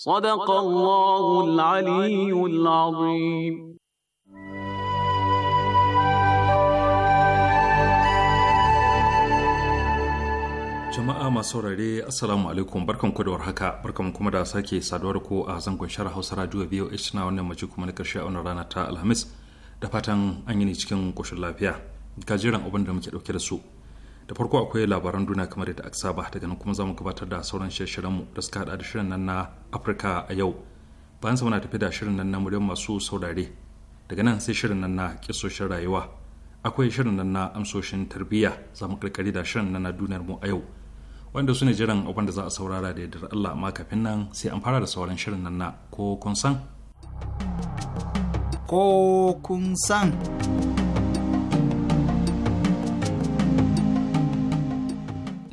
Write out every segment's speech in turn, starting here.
صدق الله العلي العظيم jama'a masu saurare assalamu alaikum barkan ku da warhaka barkan kuma da sake saduwar ku a zangon shara hausa radio voh na wannan mace kuma na karshe a wannan rana ta alhamis da fatan an yi ne cikin koshin lafiya ga jiran abin da muke dauke da su da farko akwai labaran duniya kamar yadda aka saba daga nan kuma zamu gabatar da sauran shirye mu da suka hada da shirin nan na afirka a yau bayan sa muna tafi da shirin nan na muryar masu saurare daga nan sai shirin nan na kisoshin rayuwa akwai shirin nan na amsoshin tarbiyya za mu kirkari da shirin nan na duniyar mu a yau wanda su ne jiran abin da za a saurara da yardar Allah amma kafin nan sai an fara da sauran shirin nan na ko kun san ko kun san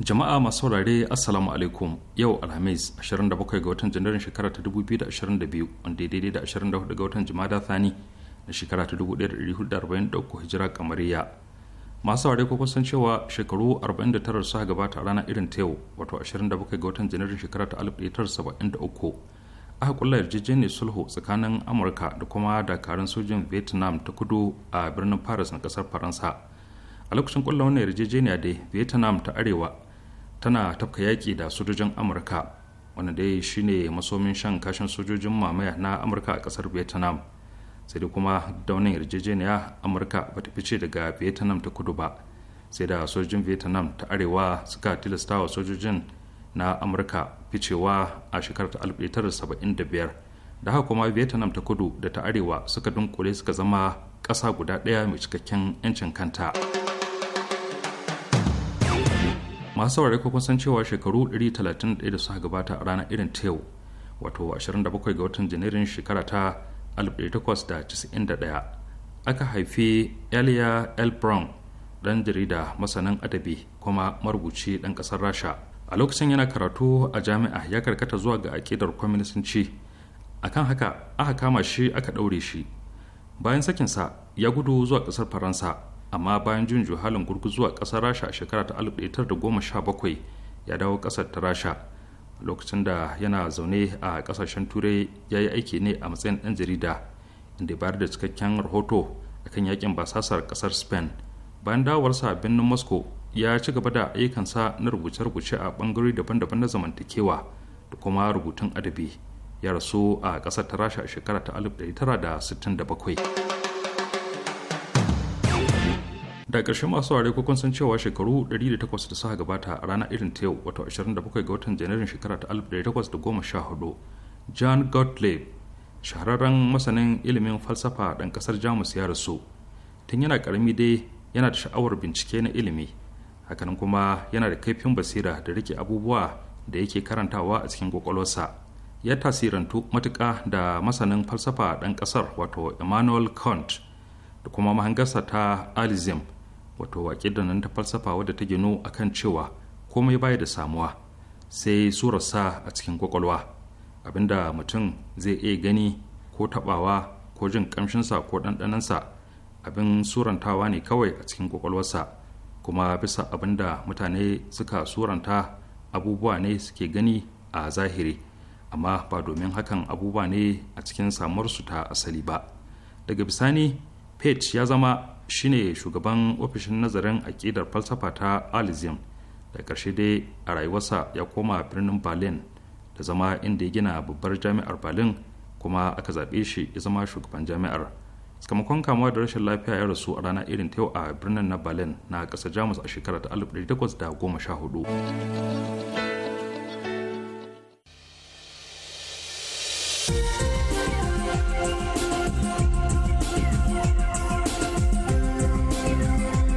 jama'a masu saurare assalamu alaikum yau alhamis 27 ga watan janairun shekara ta 2022 wanda ya daidai da 24 ga watan jumada thani na shekara ta 1443 hijira kamariya masu saurare ko kusan cewa shekaru 49 suka gabata a ranar irin ta yau wato 27 ga watan janairun shekara ta 1973 aka kulla yarjejeniyar sulhu tsakanin amurka da kuma dakarun sojin vietnam ta kudu a birnin paris na kasar faransa a lokacin kulla wannan yarjejeniya dai vietnam ta arewa tana tafka yaƙi da sojojin amurka wanda dai shine masomin shan kashin sojojin mamaya na amurka a ƙasar vietnam sai da kuma da wannan yarjejeniya amurka ba ta fice daga vietnam ta kudu ba sai da sojojin vietnam ta arewa suka tilasta wa sojojin na amurka ficewa a shekarar ta 1975 da haka kuma vietnam ta kudu da ta arewa suka dunkule suka zama ƙasa guda ɗaya mai cikakken 'yancin kanta. masu saurari ko kun cewa shekaru 131 da suka gabata a ranar irin ta yau wato 27 ga watan janairun shekara ta 1891 aka haifi Elia L. Brown ɗan jarida masanin adabi kuma marubuci ɗan ƙasar Rasha. A lokacin yana karatu a jami'a ya karkata zuwa ga aƙidar kwaminisanci. Akan haka aka kama shi aka ɗaure shi. Bayan sakinsa ya gudu zuwa ƙasar Faransa amma bayan jin juhalin gurguzu a ƙasar rasha a shekara ta 1917 ya dawo ƙasar ta rasha lokacin da yana zaune a ƙasashen turai ya yi aiki ne a matsayin ɗan jarida inda bayar da cikakken rahoto akan yakin basasar ƙasar spain bayan dawarsa birnin moscow ya ci gaba da ayyukansa na rubuce-rubuce a ɓangarori daban-daban na zamantakewa da kuma rubutun adabi ya rasu a ƙasar ta rasha a shekara ta 1967 da ƙarshe masu ware ko kun san cewa shekaru 108 da suka gabata a rana irin ta yau wato 27 ga watan janairun shekara ta 1814 john gottlieb shahararren masanin ilimin falsafa ɗan ƙasar jamus ya rasu tun yana ƙarami dai yana da sha'awar bincike na ilimi hakanan kuma yana da kaifin basira da rike abubuwa da yake karantawa a cikin kwakwalwarsa ya tasirantu matuka da masanin falsafa ɗan ƙasar wato emmanuel kant da kuma mahangarsa ta alizim wato waƙe da nan ta falsafa wadda ta ginu kan cewa komai baya da samuwa sai surarsa a cikin kwakwalwa abinda mutum zai iya gani ko tabawa ko jin ƙamshinsa ko ɗanɗanansa abin surantawa ne kawai a cikin kwakwalwarsa kuma bisa abinda mutane suka suranta abubuwa ne suke gani a zahiri amma ba domin hakan abubuwa ne a cikin samuwarsu ta asali ba daga bisani page ya zama shine shugaban ofishin nazarin aƙidar falsafa ta alizim da ƙarshe dai a rayuwarsa ya koma birnin berlin da zama inda ya gina babbar jami'ar berlin kuma aka zaɓe shi ya zama shugaban jami'ar sakamakon kamuwa da rashin lafiya ya rasu a rana irin ta yau a birnin na berlin na ƙasar jamus a shekarar 1814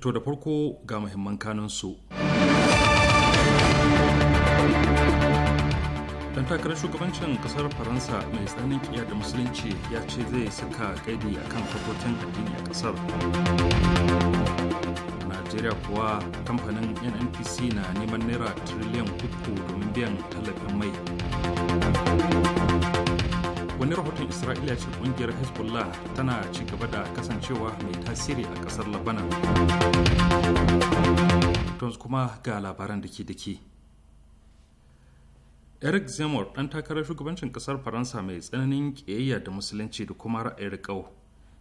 To da farko ga muhimman kanunsu. Dan takarar shugabancin kasar Faransa mai tsanin kiyar da musulunci ya ce zai saka kaidi a kan harkokin addini a kasar. Najeriya kuwa kamfanin NNPC na neman naira tiriliyan uku domin biyan tallafin mai. wani rahoton isra'ila ce kungiyar hezbollah tana ci gaba da kasancewa mai tasiri a kasar labanan tons kuma ga labaran da ke dake eric zemmour dan takarar shugabancin kasar faransa mai tsananin kiyayya da musulunci da kuma ra'ayin ƙau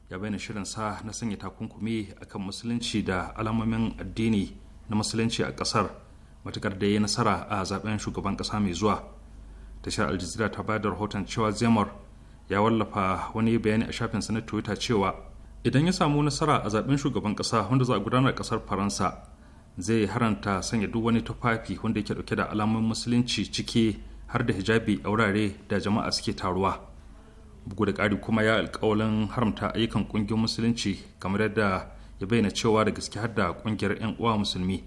ya bayyana shirin sa na sanya takunkumi akan musulunci da alamomin addini na musulunci a kasar matukar da ya nasara a zaben shugaban kasa mai zuwa tashar aljazira ta bayar da rahoton cewa zemmour ya wallafa wani bayani a shafin na twitter cewa idan ya samu nasara a zaben shugaban kasa wanda za a gudanar kasar faransa zai haranta sanya duk wani tufafi wanda yake dauke da alamun musulunci ciki har da hijabi a wurare da jama'a suke taruwa bugu da ƙari kuma ya alƙawalin haramta ayyukan ƙungiyar musulunci kamar yadda ya bayyana cewa da gaske har da ƙungiyar 'yan uwa musulmi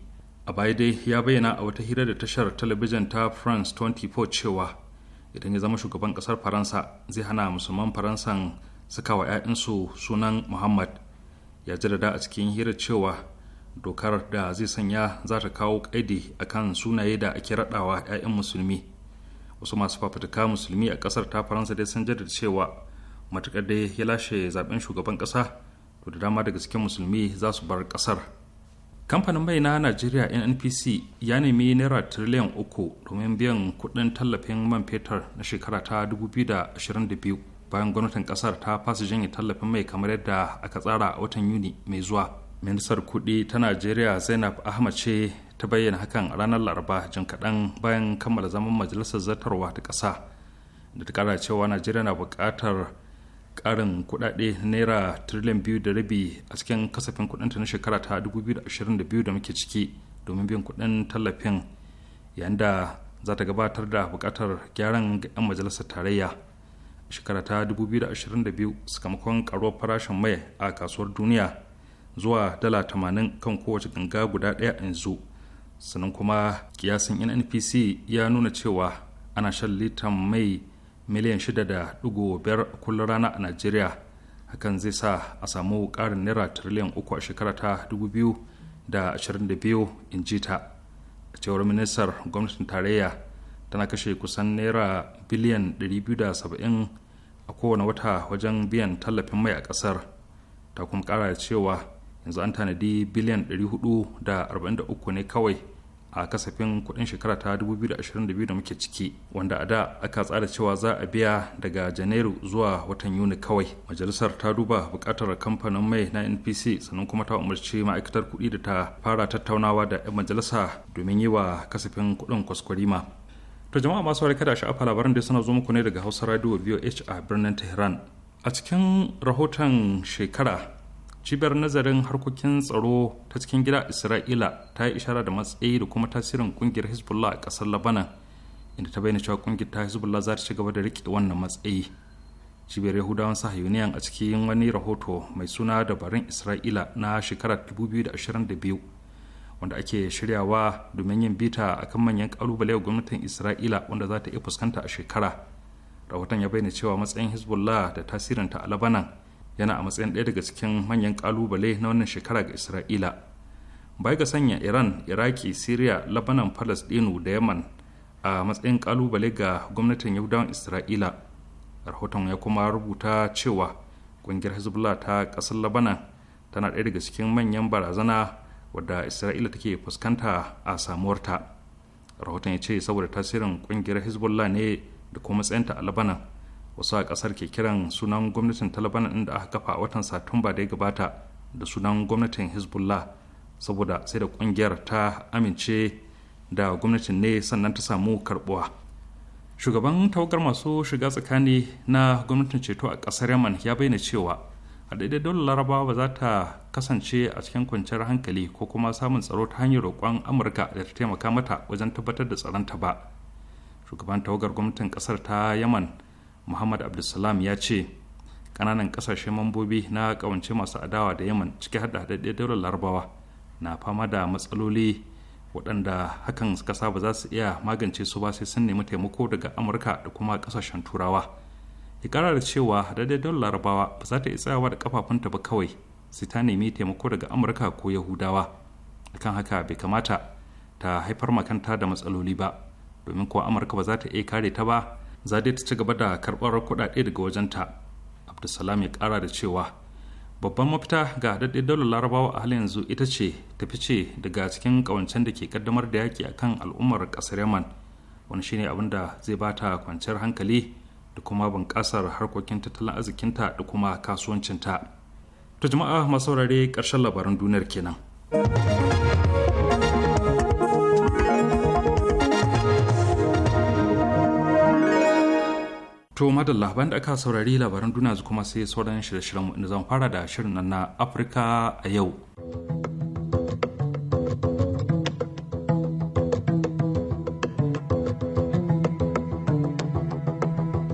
a baya dai ya bayyana a wata hira da tashar talabijin ta france 24 cewa idan ya zama shugaban kasar faransa zai hana musulman faransan suka wa 'ya'yansu sunan muhammad ya ji da a cikin hira cewa dokar da zai sanya za ta kawo kaidi kan sunaye da ake raɗawa 'ya'yan musulmi wasu masu fafutuka musulmi a kasar ta faransa dai sun jaddada cewa matuƙar dai ya lashe zaben shugaban ƙasa to da dama daga cikin musulmi za su bar ƙasar kamfanin mai na najeriya nnpc ya nemi naira tiriliyan uku domin biyan kudin tallafin man fetur na shekara ta 2022 bayan gwamnatin kasar ta fasa janye tallafin mai kamar yadda aka tsara a watan yuni mai zuwa ministar kudi ta najeriya zainab ahmad ce ta bayyana hakan ranar laraba jin kaɗan bayan kammala zaman majalisar zartarwa ta ƙasa da ta kara cewa najeriya na buƙatar karin kudade naira trillion biyu da rabi a cikin kasafin kudinta na shekara ta 2022 da muke ciki domin biyan kudin tallafin yayin da za ta gabatar da bukatar gyaran ga 'yan majalisar tarayya shekara ta 2022 sakamakon karuwar farashin mai a kasuwar duniya zuwa dala 80 kan kowace ganga guda daya yanzu sannan kuma kiyasin nnpc ya nuna cewa ana shan litan mai miliyan 6.5 kullum rana a najeriya hakan zai sa a samu ƙarin naira triliyan uku a shekara ta 2022 in ji ta a cewar ministar gwamnatin tarayya tana kashe kusan naira biliyan 270 a kowane wata wajen biyan tallafin mai a ƙasar ta kuma ƙara cewa yanzu an tanadi biliyan 443 ne kawai a kasafin kuɗin shekara ta 2022 da muke ciki wanda a da aka tsara cewa za a biya daga janairu zuwa watan yuni kawai majalisar ta duba buƙatar kamfanin mai na npc sannan kuma ta umarci ma'aikatar kuɗi da ta fara tattaunawa da 'yan majalisa domin yi wa kasafin kuɗin kwaskwarima to jama'a masu warkar da sha'afa labaran da suna zo muku ne daga hausa radio voh a birnin tehran a cikin rahoton shekara cibiyar nazarin harkokin tsaro ta cikin gida isra'ila ta yi ishara da matsayi da kuma tasirin kungiyar hezbollah a kasar labanan inda ta bayyana cewa kungiyar ta hezbollah za ta ci gaba da rike wannan matsayi cibiyar yahudawan sahayuniyan a cikin wani rahoto mai suna dabarun isra'ila na shekarar 2022 wanda ake shiryawa domin yin bita a kan manyan kalubale gwamnatin isra'ila wanda za ta iya fuskanta a shekara rahoton ya bayyana cewa matsayin hezbollah da tasirinta a labanan yana a matsayin ɗaya daga cikin manyan ƙalubale na wannan shekara ga isra'ila bai ga sanya iran iraki syria labanan ɗinu da yaman a matsayin ƙalubale ga gwamnatin yahudawan isra'ila rahoton ya kuma rubuta cewa ƙungiyar hezbollah ta ƙasar labanan tana ɗaya daga cikin manyan barazana wadda isra'ila take fuskanta a samuwarta rahoton ya ce saboda tasirin ƙungiyar hezbollah ne da kuma matsayinta a labanan wasu a kasar ke kiran sunan gwamnatin taliban inda aka kafa a watan satumba da ya gabata da sunan gwamnatin hezbollah saboda sai da kungiyar ta amince da gwamnatin ne sannan ta samu karbuwa shugaban tawagar masu shiga tsakani na gwamnatin ceto a kasar yaman ya bayyana cewa a daidai dole laraba ba za ta kasance a cikin kwanciyar hankali ko kuma samun tsaro ta hanyar roƙon amurka da ta taimaka mata wajen tabbatar da tsaronta ba shugaban tawagar gwamnatin kasar ta yaman muhammad abdulsalam ya ce ƙananan kasashe mambobi na kawance masu adawa da yaman ciki hada haɗaɗɗe daular larabawa na fama da matsaloli waɗanda hakan suka saba za su iya magance su ba sai sun nemi taimako daga amurka da kuma kasashen turawa ya kara da cewa daidai daular larabawa ba za ta iya tsayawa da kafafunta ba kawai sai ta nemi taimako daga amurka ko yahudawa akan haka bai kamata ta haifar makanta da matsaloli ba domin kuwa amurka ba za ta iya kare ta ba za ta ci gaba da karɓar kudade daga wajenta abdulsalam ya kara da cewa babban mafita ga haɗaɗɗe daular larabawa a halin yanzu ita ce ta fice daga cikin ƙawancen da ke ƙaddamar da yaƙi akan al'ummar ƙasar yaman wani shine abin da zai ba ta kwanciyar hankali da kuma bunƙasar harkokin tattalin arzikinta da kuma kasuwancinta ta jama'a masaurare ƙarshen labaran duniyar kenan. To madalla da aka saurari labaran duniya kuma sai sauran shirye-shiryen inda zan fara da shirin nan na Afirka a yau.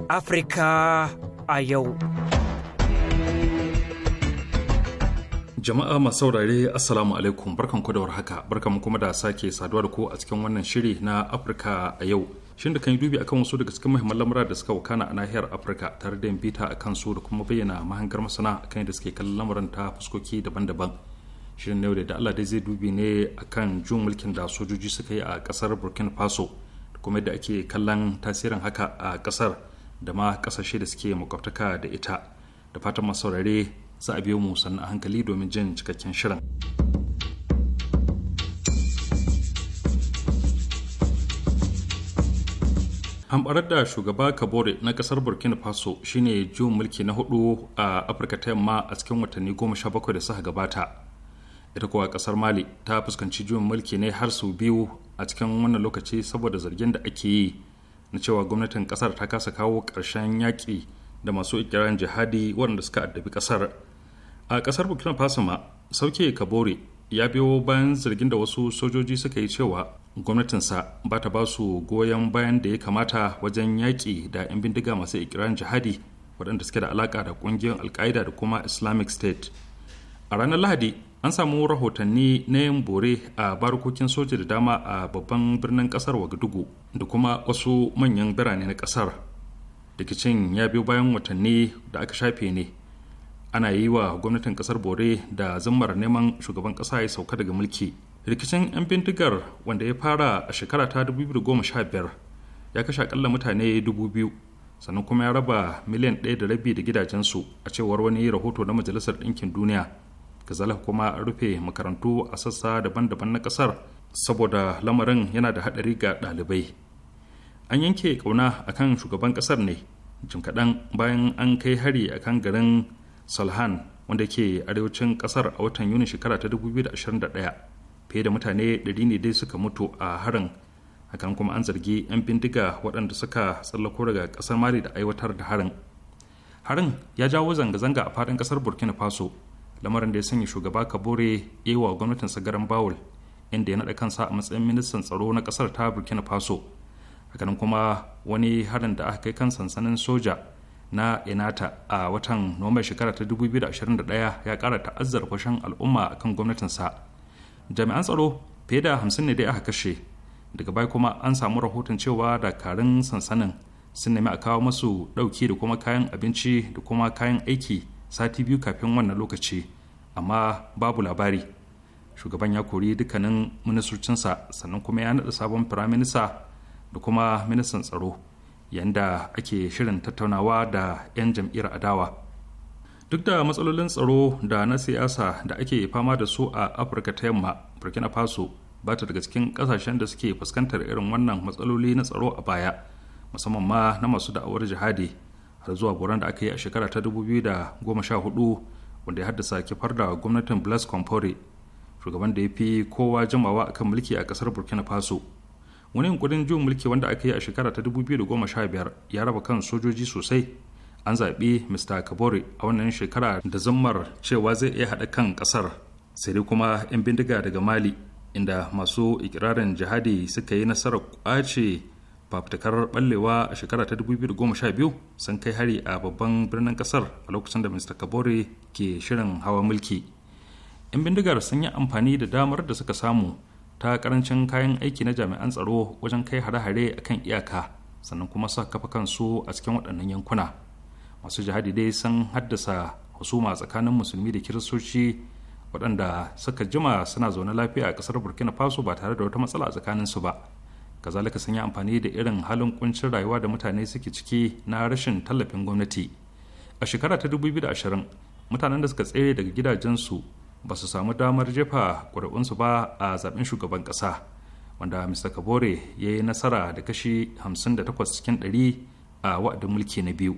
Afirka a yau. Jama'a masu saurare Assalamu alaikum barkanku da haka, barkanku kuma da sake saduwa da ku a cikin wannan shiri na Afirka a yau. shin da kan yi dubi akan wasu daga cikin muhimman lamura da suka wakana a nahiyar afirka tare da yin bita a kansu da kuma bayyana mahangar masana kan yadda suke kallon lamuran ta fuskoki daban-daban shirin yau da allah dai zai dubi ne akan jun mulkin da sojoji suka yi a kasar burkina faso da kuma yadda ake kallon tasirin haka a kasar da ma kasashe da suke makwabtaka da ita da fatan masu za a biyo mu sannan hankali domin jin cikakken shirin. hamɓarar da shugaba kabore na ƙasar burkina faso shine juyin mulki na hudu a afirka ta yamma a cikin watanni goma sha bakwai da suka gabata ita kuwa ƙasar mali ta fuskanci juyin mulki ne har sau biyu a cikin wannan lokaci saboda zargin da ake yi na cewa gwamnatin ƙasar ta kasa kawo ƙarshen yaƙi da masu ikirarin jihadi waɗanda suka addabi ƙasar a ƙasar burkina faso ma sauke kabore ya biyo bayan zargin da wasu sojoji suka yi cewa gwamnatinsa ba ta ba su goyon bayan da ya kamata wajen yaƙi da 'yan bindiga masu ikirarin jihadi waɗanda suke da alaƙa da ƙungiyar alƙa'ida da kuma islamic state a ranar lahadi an samu rahotanni na yin bore a barkokin soja da dama a babban birnin ƙasar wagadugu da kuma wasu manyan birane na ƙasar rikicin ya biyo bayan watanni da aka shafe ne ana yi wa gwamnatin kasar bore da zammar neman shugaban kasa ya sauka daga mulki rikicin 'yan bindigar wanda ya fara a shekara ta 2015 ya kashe akalla mutane 2000 sannan kuma ya raba miliyan ɗaya da rabi da gidajensu a cewar wani rahoto na majalisar ɗinkin duniya kazalika kuma rufe makarantu a sassa daban-daban na ƙasar saboda lamarin yana da haɗari ga ɗalibai an yanke ƙauna akan shugaban ƙasar ne jim kaɗan bayan an kai hari akan garin salhan wanda ke arewacin kasar a watan yuni shekara ta 2021 fiye da mutane 100 ne dai suka mutu a harin hakan kuma an zargi 'yan bindiga waɗanda suka tsallako daga kasar mali da aiwatar da harin harin ya jawo zanga-zanga a faɗin ƙasar burkina faso lamarin da ya sanya shugaba kabore ewa gwamnatin sagaran bawul inda ya naɗa kansa a matsayin ministan tsaro na ƙasar ta burkina faso hakan kuma wani harin da aka kai kan sansanin soja na inata a watan nomar shekara ta 2021 ya kara ta'azzar kwashen al'umma a kan gwamnatinsa jami'an tsaro fiye da hamsin ne dai aka kashe daga bai kuma an samu rahoton cewa dakarun sansanin sun nemi a kawo masu ɗauki da kuma kayan abinci da kuma kayan aiki sati biyu kafin wannan lokaci amma babu labari shugaban ya kori dukkanin ministocinsa sannan kuma ya naɗa sabon firaminista da kuma ministan tsaro yanda ake shirin tattaunawa da 'yan jam'iyyar adawa duk da matsalolin tsaro da na siyasa da ake fama da su a afirka ta yamma burkina faso ba ta daga cikin kasashen da suke fuskantar irin wannan matsaloli na tsaro a baya musamman ma na masu da'awar jihadi har zuwa goron da aka yi a shekara ta 2014 wanda ya haddasa kifar da gwamnatin blaise compaore shugaban da ya fi kowa jimawa a kan mulki a kasar burkina faso wani yunkurin juyin mulki wanda aka yi a shekara ta 2015 ya raba kan sojoji sosai an zaɓi mr kabore a wannan shekara da zammar cewa zai iya haɗa kan ƙasar sai dai kuma 'yan bindiga daga mali inda masu ikirarin jihadi suka yi nasarar kwace fafutukar ɓallewa a shekara ta 2012 sun kai hari a babban birnin kasar a lokacin da mr kabore ke shirin hawa mulki 'yan bindigar sun yi amfani da damar da suka samu ta karancin kayan aiki na jami'an tsaro wajen kai hare-hare a kan iyaka sannan kuma sa kafa kansu a cikin waɗannan yankuna masu jihadi dai sun haddasa husuma tsakanin musulmi da kiristoci waɗanda suka jima suna zaune lafiya a ƙasar burkina faso ba tare da wata matsala a tsakaninsu ba kazalika sun yi amfani da irin halin kuncin rayuwa da mutane suke ciki na rashin tallafin gwamnati a shekara ta 2020 mutanen da suka tsere daga gidajensu ba su samu damar jefa ƙuri'unsu ba a zaben shugaban ƙasa wanda mr kabore ya yi nasara da kashi 58 cikin 100 a wa'adin mulki na biyu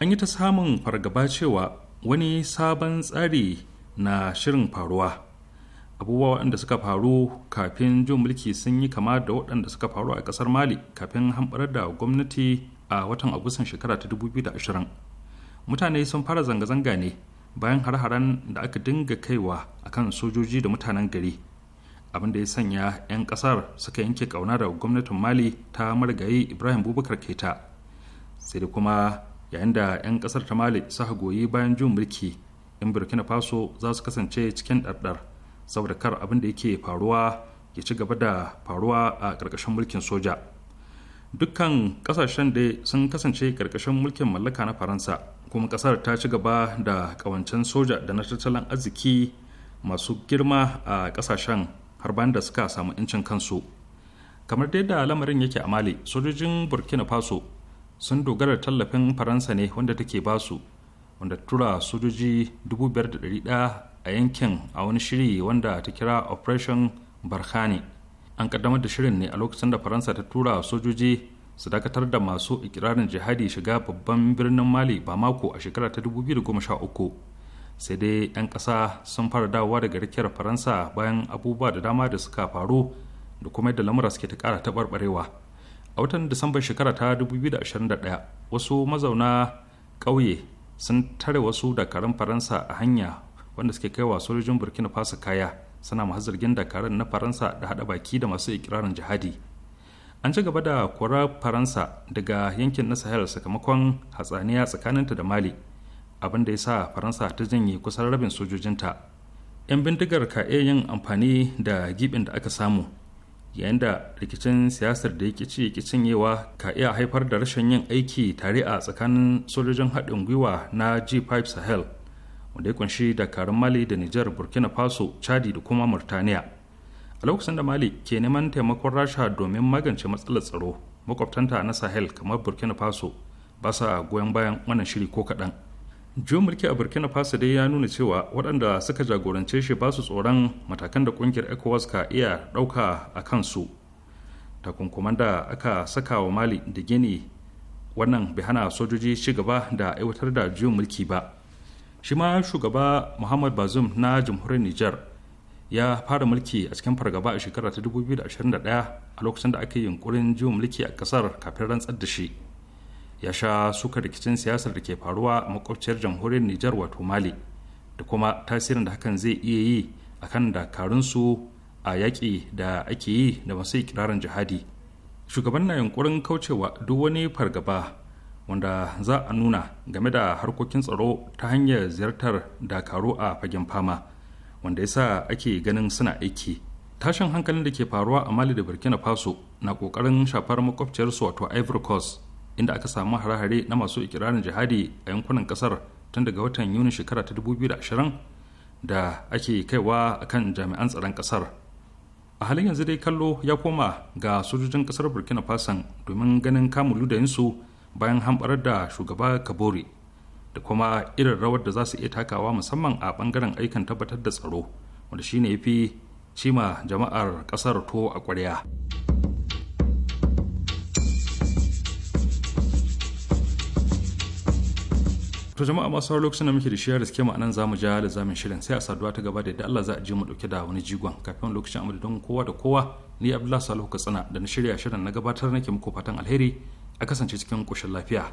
an yi ta samun fargaba cewa wani sabon tsari na shirin faruwa abubuwa waɗanda suka faru kafin jin mulki sun yi kama da waɗanda suka faru a ƙasar mali kafin hamɓarar da gwamnati a watan agustan shekara ta 2020 mutane sun fara zanga-zanga ne bayan har-haren da aka dinga kaiwa a kan sojoji da mutanen gari abin da ya sanya 'yan kasar suka yanke kauna da gwamnatin mali ta marigayi ibrahim bubakar keta sai da kuma yayin da 'yan kasar ta mali suka goyi bayan jin mulki in burkina faso za su kasance cikin ɗarɗar saboda kar abin da yake faruwa ya ci gaba da faruwa a ƙarƙashin mulkin soja dukkan kasashen da sun kasance karkashin mulkin mallaka na faransa kuma kasar ta ci gaba da kawancen soja da na tattalin arziki masu girma a kasashen har da suka samu incin kansu kamar dai da lamarin yake a mali sojojin burkina faso sun dogara tallafin faransa ne wanda take basu wanda tura sojoji 5,100 a yankin a wani shiri wanda ta kira operation barkhane an kaddamar da shirin ne a lokacin da faransa ta tura sojoji su dakatar da masu ikirarin jihadi shiga babban birnin mali ba mako a shekara ta 2013 sai dai 'yan ƙasa sun fara dawowa daga rikiyar faransa bayan abubuwa da dama da suka faru da kuma yadda lamura suke ta ƙara taɓarɓarewa a watan disambar shekara ta 2021 wasu mazauna ƙauye sun tare wasu dakarun faransa a hanya wanda suke kaiwa sojojin burkina faso kaya sana masu zargin dakarun na faransa da haɗa baki da masu ikirarin jihadi an ci gaba da korar faransa daga yankin na sahel sakamakon hatsaniya tsakaninta da mali abin da ya sa faransa ta janye kusan rabin sojojinta 'yan bindigar ka iya yin amfani da gibin da aka samu yayin da rikicin siyasar da ya ci yake cinyewa ka iya haifar da rashin yin aiki tare a tsakanin sojojin haɗin gwiwa na g5 sahel wanda ya kunshi dakarun mali da nijar burkina faso chadi da kuma murtaniya a lokacin da mali ke neman taimakon rasha domin magance matsalar tsaro makwabtanta na sahel kamar burkina faso ba sa goyon bayan wannan shiri ko kaɗan juyin mulki a burkina faso dai ya nuna cewa waɗanda suka jagorance shi ba su tsoron matakan da ƙungiyar ecowas ka iya ɗauka a kansu takunkuman da aka saka wa mali da gini wannan bai hana sojoji ci gaba da aiwatar da juyin mulki ba shi ma shugaba muhammad bazum na jamhuriyar niger ya fara mulki a cikin fargaba a shekara ta 2021 a lokacin da aka yi yunkurin jiwon mulki a kasar kafin rantsar da shi ya sha suka rikicin siyasar da ke faruwa a makwabciyar jamhuriyar niger wato mali da kuma tasirin da hakan zai iya yi a kan dakarunsu a yaƙi da ake yi da masu ikirarin jihadi shugaban na yunkurin kaucewa duk wani fargaba wanda za a nuna game da harkokin tsaro ta hanyar ziyartar dakaru a fagen fama wanda ya sa ake ganin suna aiki tashin hankalin da ke faruwa a mali da burkina faso na kokarin shafar makwabciyarsu wato ivory coast inda aka samu hare-hare na masu ikirarin jihadi a yankunan kasar tun daga watan yuni shekara ta 2020 da ake kaiwa akan jami'an tsaron kasar a halin yanzu dai kallo ya koma ga sojojin kasar burkina faso domin ganin kamun ludayinsu bayan hamɓarar da shugaba kabore da kuma irin rawar da za su iya takawa musamman a bangaren aikin tabbatar da tsaro wanda shine ya fi cima jama'ar kasar to a ƙwarya. to jama'a masu sauran lokacin da muke da shiyar riske ma'anan zamu ja da zamin shirin sai a saduwa ta gaba da yadda Allah za a je mu dauke da wani jigon kafin lokacin amadu don kowa da kowa ni Abdullahi Salihu Katsina da na shirya shirin na gabatar nake muku fatan alheri a kasance cikin ƙoshin lafiya.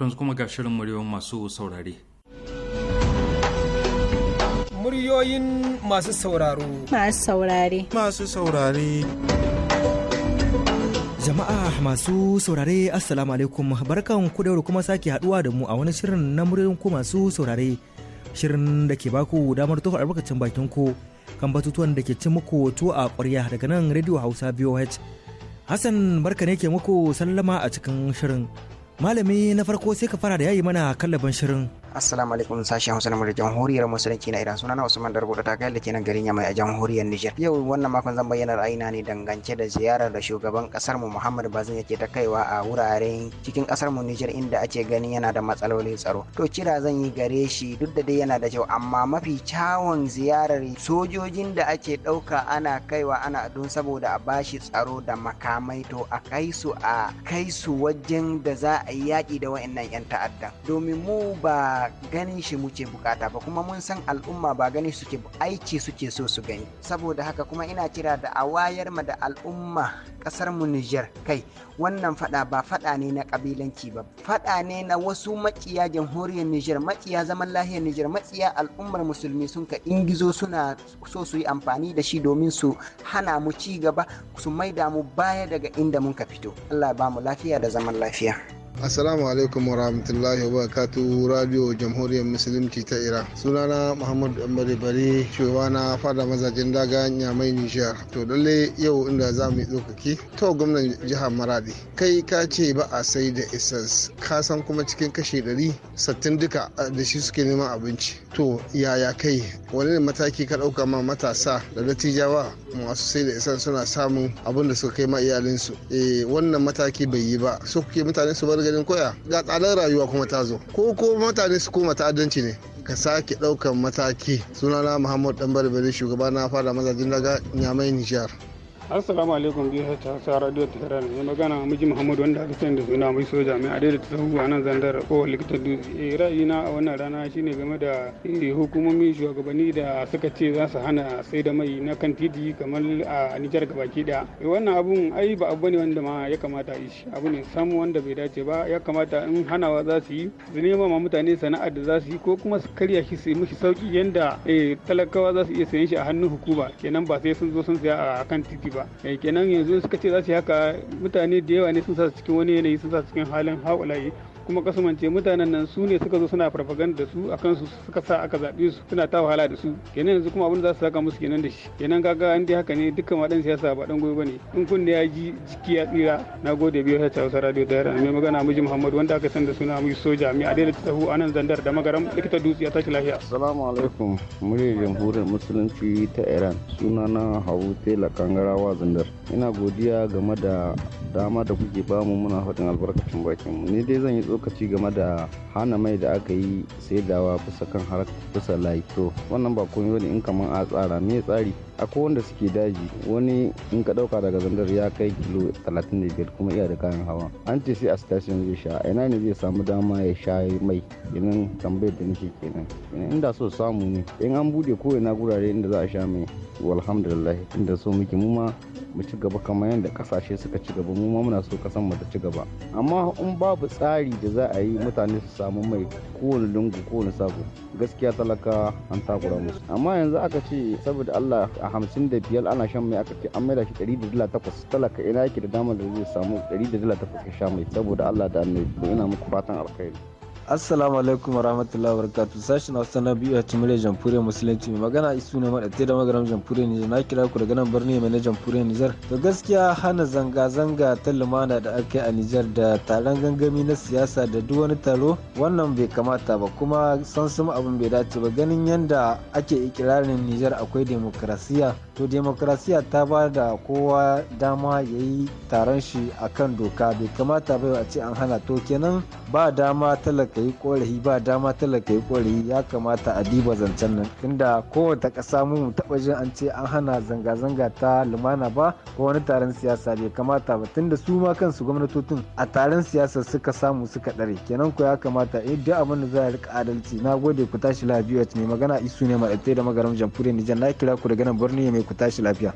yanzu kuma ga shirin muryoyin masu saurare muryoyin masu sauraro. Masu saurare. Masu saurare. Jama'a masu saurare Assalamu alaikum barkan ku da kuma sake haduwa da mu a wani shirin na muryoyin ku masu saurare. Shirin da ke baku damar tofa albarkacin bakin ku kan batutuwan da ke cin muku tu a ƙwarya daga nan Radio Hausa BOH. Hassan barka ne ke muku sallama a cikin shirin. Malami na farko sai ka fara da yayi mana kallaban shirin. Assalamu alaikum sashen Hausa na muryar Jamhuriyar Musulunci na Iran sunana Usman Darbo da takayar da ke nan garin Yamai a Jamhuriyar Nijar. Yau wannan makon zan bayyana ra'ayina ne dangance da ziyarar da shugaban kasar mu Muhammad Bazin yake ta kaiwa a wuraren cikin kasar mu Nijar inda ake ganin yana da matsalolin tsaro. To kira zan yi gare shi duk da dai yana da kyau amma mafi kyawun ziyarar sojojin da ake ɗauka ana kaiwa ana don saboda a bashi tsaro da makamai to a kai su a kai su wajen da za a yi yaƙi da wa'annan 'yan ta'adda. Domin mu ba ba ganin shi muke bukata ba kuma mun san al'umma ba gani suke aiki suke so su gani saboda haka kuma ina kira da a wayar ma da al'umma kasar mu Niger kai wannan fada ba fada ne na kabilanci ba fada ne na wasu makiya jamhuriyar Niger makiya zaman lahiyar Niger makiya al'ummar musulmi sun ka ingizo suna so su yi amfani da shi domin su hana mu ci gaba su maida mu baya daga inda mun ka fito Allah ba mu lafiya da zaman lafiya Asalamu alaikum wa rahmatullahi wa katu radio jamhuriyar musulunci ta Iran. Sunana Muhammad Ambari Bari cewa na fada mazajen daga nyamai Nijar. To lalle yau inda za mu yi tsokaki to gwamnan jihar Maradi. Kai ka ce ba a sai da isas ka san kuma cikin kashe ɗari sattin duka da shi suke neman abinci. To yaya kai wani ne mataki ka ɗauka ma matasa da dattijawa masu sai da isas suna samun abin da suka kai ma iyalinsu. E wannan mataki bai yi ba. So kuke mutane su bar gargadin koya ga tsadar rayuwa kuma ta zo ko ko mutane su koma ta'addanci ne ka sake ɗaukan mataki sunana muhammad dan barbari shugaba na fara mazajin daga nyamai nijar assalamu alaikum biyu ta hausa radio tehran mai magana miji muhammadu wanda aka sani da suna mai soja mai adai da ta tahu a nan zandar ko likita dutse eh, ra'ayina a wannan rana shine game da eh, hukumomi shugabanni da suka ce za su hana sai da mai na kan titi kamar a nijar gabaki daya eh, wannan abun ai ba abu ne wanda ma ya kamata yi shi abu ne samu wanda bai dace ba ya kamata in hanawa za su yi su nema ma mutane sana'ar da za su yi ko kuma su karya shi su mishi sauki yanda talakawa za su iya sayan shi a hannun hukuma kenan ba sai sun zo sun saya a kan titi ba ba eh, kenan yanzu suka ce za su yi haka mutane da yawa ne sun sa cikin wani yanayi sun sa cikin halin haƙulayi kuma kasumance mutanen nan su ne suka zo suna farfaganda da su a kansu suka sa aka zaɓe su suna ta wahala da su kenan yanzu kuma abin da za su saka musu kenan da shi kenan kaga an dai haka ne dukkan waɗansu ya siyasa ba dan ne in kunne ya ji jiki ya tsira na gode biyu ta Hausa Radio da yara mai magana miji muhammadu wanda aka san da suna miji soja mai adela a anan zandar da magaram likita dutse ya tashi lafiya assalamu alaikum muryar jamhuriyar musulunci ta Iran sunana Habu Tela Kangarawa zandar ina godiya game da dama da kuke bamu muna faɗin albarkacin bakin mu ni dai zan yi lokaci game da hana mai da aka yi saidawa kusa kan har kusa layi to wannan ba komai bane in kaman a tsara me tsari akwai wanda suke daji wani in ka dauka daga zandar ya kai kilo 35 kuma iya da kayan hawa an ce sai a station zai sha ina ne zai samu dama ya sha mai idan tambayar da nake kenan inda so samu ne in an bude ko ina gurare inda za a sha mai walhamdulillah inda so muke mu ma mu ci gaba kamar yadda kasashe suka ci gaba mu ma muna so kasan mu ta ci gaba amma in babu tsari da za a yi mutane su samu mai kowane lungu kowane sako gaskiya talaka an takura musu amma yanzu aka ce saboda Allah a hamsin da biyar ana shan mai aka ce an maida shi ɗari da dala takwas talaka ina yake da damar da zai samu ɗari da dala takwas ka sha mai saboda Allah da annabi ina muku fatan alkhairi. assalamu alaikum warahmatullahi wabarakatuh sashen hausa na biyu a cimiliyar jamhuriyar musulunci mai magana isu ne maɗaɗe da magaram jamhuriyar nijar na kira ku daga nan birni mai na jamhuriyar nijar to gaskiya hana zanga-zanga ta lumana da aka yi a nijar da taron gangami na siyasa da duk wani taro wannan bai kamata ba kuma san sun abin bai dace ba ganin yadda ake ikirarin nijar akwai demokrasiya to demokrasiya ta ba da kowa dama ya yi taron shi a kan doka bai kamata bai a ce an hana to kenan ba dama talaka yi korafi ba dama talaka yi ya kamata a diba zancen nan inda kowata ƙasa mu taɓa jin an ce an hana zanga-zanga ta lumana ba ko wani taron siyasa bai kamata ba tunda su ma kansu gwamnatocin a taron siyasa suka samu suka ɗare kenan ko ya kamata in eh duk abin da za a rika adalci na gode ku tashi lafiya ne magana isu ne maɗaɗe da magaram jamhuriyar nijar na kira ku daga nan birni mai ku tashi lafiya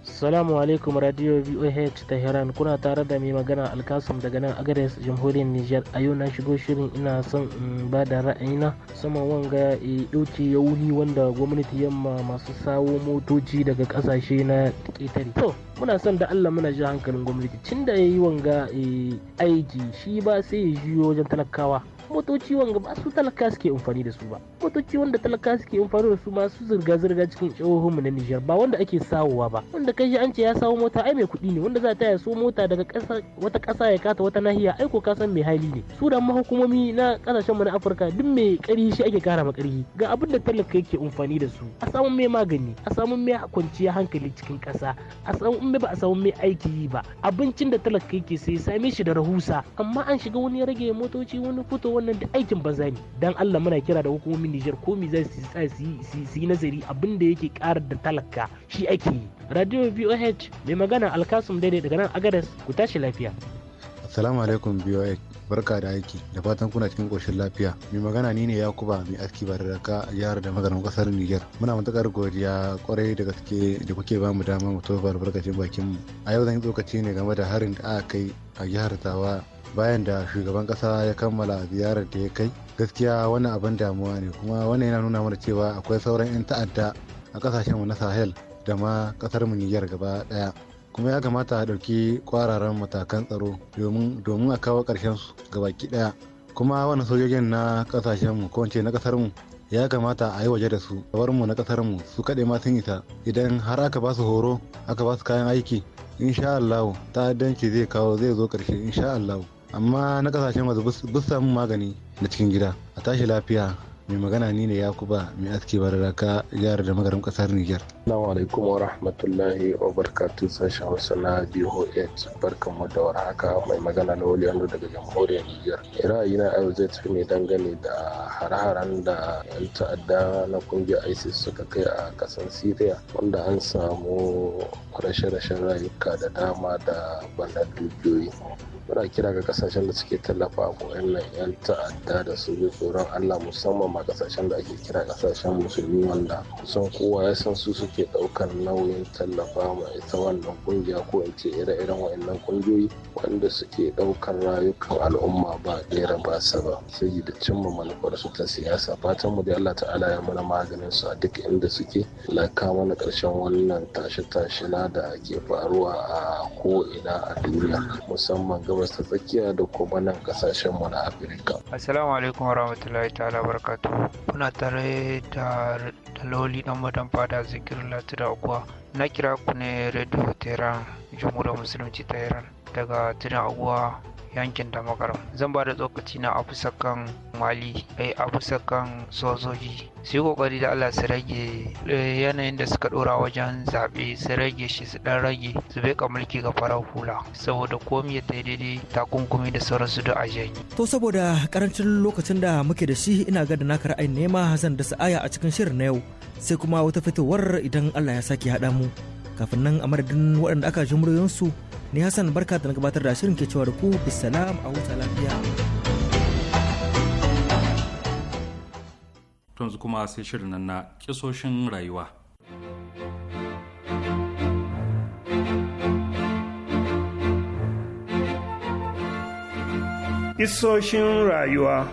Salamu alaikum Radio VOH Tehran kuna tare da mai magana Alkasum daga nan Agadez Jamhuriyar Nijar a yau na shigo shirin ina son in ba da ra'ayina saman wanga e eh, dauke wuni wanda gwamnati yamma masu sawo motoci daga kasashe na ƙetare. To muna son da Allah muna ji hankalin gwamnati tun da yayi wanga e aiki shi ba sai ya juyo wajen talakawa motoci wanga ba su talaka suke amfani da su ba motoci wanda talaka suke amfani da su masu zirga-zirga cikin tsohon mu na Nijar ba wanda ake sawowa ba wanda kai an ce ya sawo mota ai mai kuɗi ne wanda za ta ya so mota daga ƙasa wata ƙasa ya kata wata nahiya aiko ko ka san mai hali ne su da mahukumomi na ƙasashen mu na Afirka duk mai ƙarfi shi ake kara ma ƙarfi ga abin da talaka yake amfani da su a samu mai magani a samu mai kwanciya hankali cikin ƙasa a samu mai ba a samu mai aiki yi ba abincin da talaka yake sai same shi da rahusa amma an shiga wani rage motoci wani fito wannan da aikin banza ne dan Allah muna kira da hukumomin Nijar ko mi zai su yi nazari abin da yake karar da talaka shi ake yi radio VOH mai magana alkasum daidai daga nan agadas ku tashi lafiya Assalamu alaikum voh barka da aiki da fatan kuna cikin koshin lafiya mai magana ni ne Yakuba mai aski ba da yar da magana kasar Niger muna matukar godiya kwarai da gaske da kuke ba mu dama mu tofa albarkacin bakin mu a yau zan yi tsokaci ne game da harin da aka kai a jihar Tawa bayan da shugaban kasa ya kammala ziyarar da ya kai gaskiya wani abin damuwa ne kuma wannan yana nuna mana cewa akwai sauran 'yan ta'adda a kasashen na sahel da ma kasar mu niger gaba daya kuma ya kamata a ɗauki kwararan matakan tsaro domin a kawo ƙarshen su baki daya kuma wannan sojojin na kasashen mu ko na kasar mu ya kamata a yi waje da su bar mu na kasar mu su kaɗai ma sun isa idan har aka ba su horo aka ba su kayan aiki insha Allah ta'addanci zai kawo zai zo ƙarshe insha amma na kasashen waje bus samu magani na cikin gida a tashi lafiya mai magana ni ne yakuba mai aski bararaka yara da magarin kasar niger Assalamu alaikum wa rahmatullahi wa barakatu sashen Hausa na BOH barkan mu da warhaka mai magana na Wali wanda daga jamhuriyar Niger. ira a yau zai tafi ne dangane da hare-haren da 'yan ta'adda na kungiyar ISIS suka kai a kasan Syria wanda an samu rashe-rashen rayuka da dama da bandar dukiyoyi. muna kira ga kasashen da suke tallafa a nan yan ta'adda da su bi tsoron Allah musamman ma kasashen da ake kira kasashen musulmi wanda kusan kowa ya san su suke daukar nauyin tallafa ma ita wannan kungiya ko in ce ire-iren wa'annan kungiyoyi wanda suke daukar rayukan al'umma ba ɗera ba saba sai da cimma manufar su ta siyasa fatan mu da Allah ta'ala ya mana maganin su a duk inda suke kama na karshen wannan tashe-tashe da ke faruwa a ko ina a duniya musamman gaba gabas ta tsakiya da kuma nan kasashen mu na afirka assalamu alaikum warahmatullahi ta'ala barkatu muna tare da daloli dan madan fada zikirin da akwa na kira ku ne radio tehran jamhuriyar musulunci ta iran daga tunan aguwa yankin da zan ba da tsokaci na a bisa kan mali eh, a bisa kan sojoji su yi kokari da allah su rage eh, yanayin da suka dora wajen zaɓe su rage shi su dan rage su bai mulki ga farar hula saboda komi ya tai daidai kunkumi da sauransu da ajiyayi. to saboda karancin lokacin da muke da shi ina ga da naka ra'ayin nema zan da aya a cikin shirin na yau sai kuma wata fitowar idan allah ya sake haɗa mu. kafin nan a madadin waɗanda aka ji muryoyinsu ni hassan barka da na gabatar da shirin ke cewa da ku bisalam a huta lafiya yanzu kuma sai shirin nan na kisoshin rayuwa kisoshin rayuwa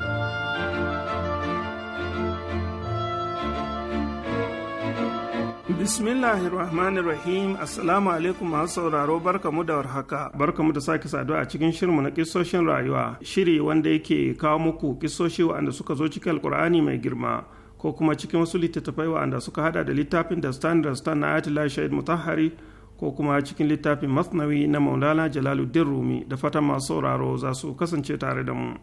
Bismillahirrahmanirrahim Assalamu alaikum masu sauraro barkamu da warhaka barkamu da sake saduwa a cikin shirinmu na kisoshin rayuwa shiri wanda yake kawo muku kisoshi wa'anda suka zo cikin alkur'ani mai girma ko kuma cikin wasu littattafai wa'anda suka hada da littafin da stan da stan na ayatollah shahid Mutahhari ko kuma cikin littafin masnawi na maulana jalaluddin rumi da fatan masu sauraro za su kasance tare da mu.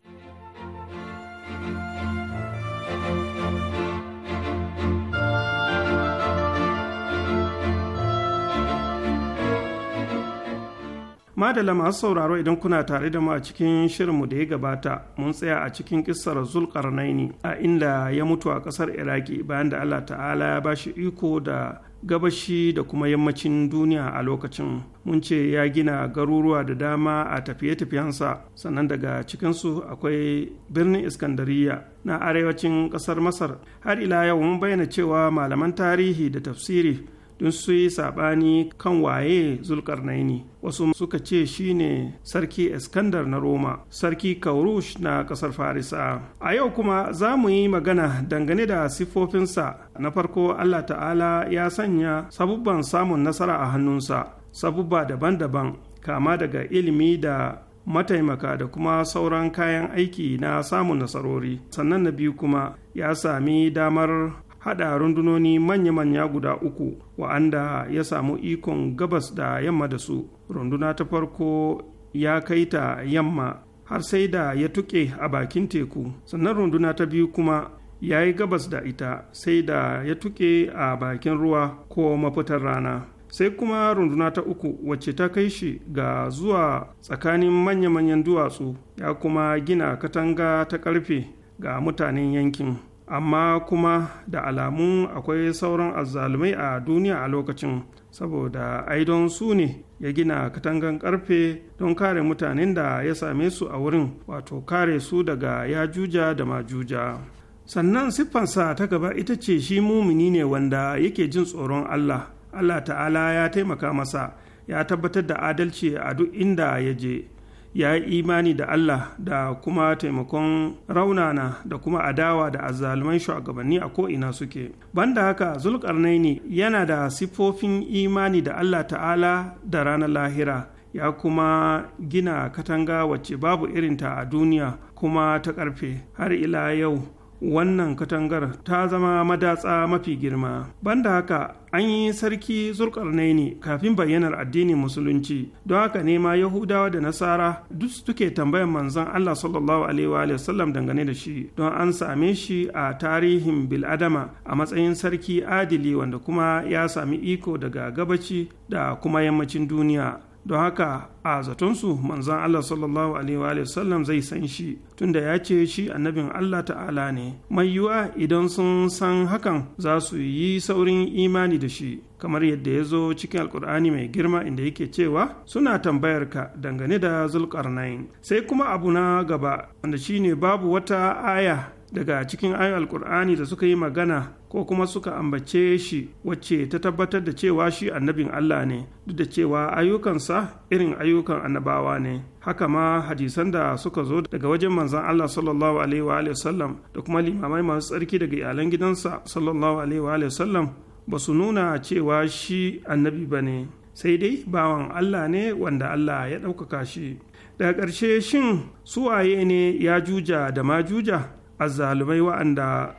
madala masu sauraro idan kuna tare da mu a cikin shirinmu da ya gabata mun tsaya a cikin kissar zulkarnaini a inda ya mutu a kasar iraki bayan da allah ta'ala ya bashi iko da gabashi da kuma yammacin duniya a lokacin mun ce ya gina garuruwa da dama a tafiye-tafiyensa sannan daga cikinsu akwai birnin iskandariya na arewacin kasar masar har ila yau mun bayyana cewa malaman tarihi da tafsiri don su yi saɓani kan waye zulkarnaini wasu suka ce shine sarki iskandar na roma sarki kaurush na ƙasar farisa a yau kuma za mu yi magana dangane da siffofinsa na farko allah ta'ala ya sanya sabubban samun nasara a hannunsa sabubba daban-daban kama daga ilimi da mataimaka da kuma sauran kayan aiki na samun nasarori sannan na biyu kuma ya sami damar haɗa rundunoni manya-manya guda uku wa'anda ya samu ikon gabas da yamma da su runduna ta farko ya kai ta yamma har sai da ya tuƙe a bakin teku sannan runduna ta biyu kuma ya yi gabas da ita sai da ya tuƙe a bakin ruwa ko mafitar rana sai kuma runduna ta uku wacce ta kai shi ga zuwa tsakanin manya-manyan duwatsu ya kuma gina katanga ta ƙarfe ga mutanen yankin amma kuma da alamun akwai sauran azzalumai a duniya a lokacin saboda aidon su ne ya gina katangan karfe don kare mutanen da ya same su a wurin wato kare su daga yajuja da majuja sannan siffansa ta gaba ita ce shi mumini ne wanda yake jin tsoron allah allah ta'ala ya taimaka masa ya tabbatar da adalci a duk inda ya je ya yi imani da Allah da kuma taimakon raunana da kuma adawa da azzaluman shugabanni a ko'ina suke. Banda haka zulkarnaini yana da siffofin imani da Allah ta'ala da ranar lahira ya kuma gina katanga wacce babu irinta a duniya kuma ta ƙarfe har ila yau. wannan katangar ta zama madatsa mafi girma banda haka an yi sarki naini kafin bayyanar addinin musulunci don haka ne ma yahudawa da nasara duk su suke tambayan manzon allah sallallahu alaihi wa sallam dangane da shi don an same shi a tarihin biladama a matsayin sarki adili wanda kuma ya sami iko daga gabaci da kuma yammacin duniya don haka a zatonsu manzan Allah sallallahu alaihi sallam zai san shi tunda ya ce shi annabin Allah ta'ala ne mai yiwuwa idan sun san hakan za su yi saurin imani da shi kamar yadda ya zo cikin alkur'ani mai girma inda yake cewa suna tambayar ka dangane da zulkarnain sai kuma abu na gaba wanda shi ne babu wata aya daga cikin ayoyin alkur'ani da suka yi magana ko kuma suka ambace shi wacce ta tabbatar da cewa shi annabin Allah ne duk da cewa ayyukansa irin ayyukan annabawa ne haka ma hadisan da suka zo daga wajen manzan Allah sallallahu alaihi wa sallam da kuma limamai masu tsarki daga iyalan gidansa sallallahu alaihi wa sallam ba su nuna cewa shi annabi ba ne sai dai bawan Allah ne wanda Allah ya ɗaukaka shi daga ƙarshe shin suwaye ne ya juja da majuja azzalumai wa'anda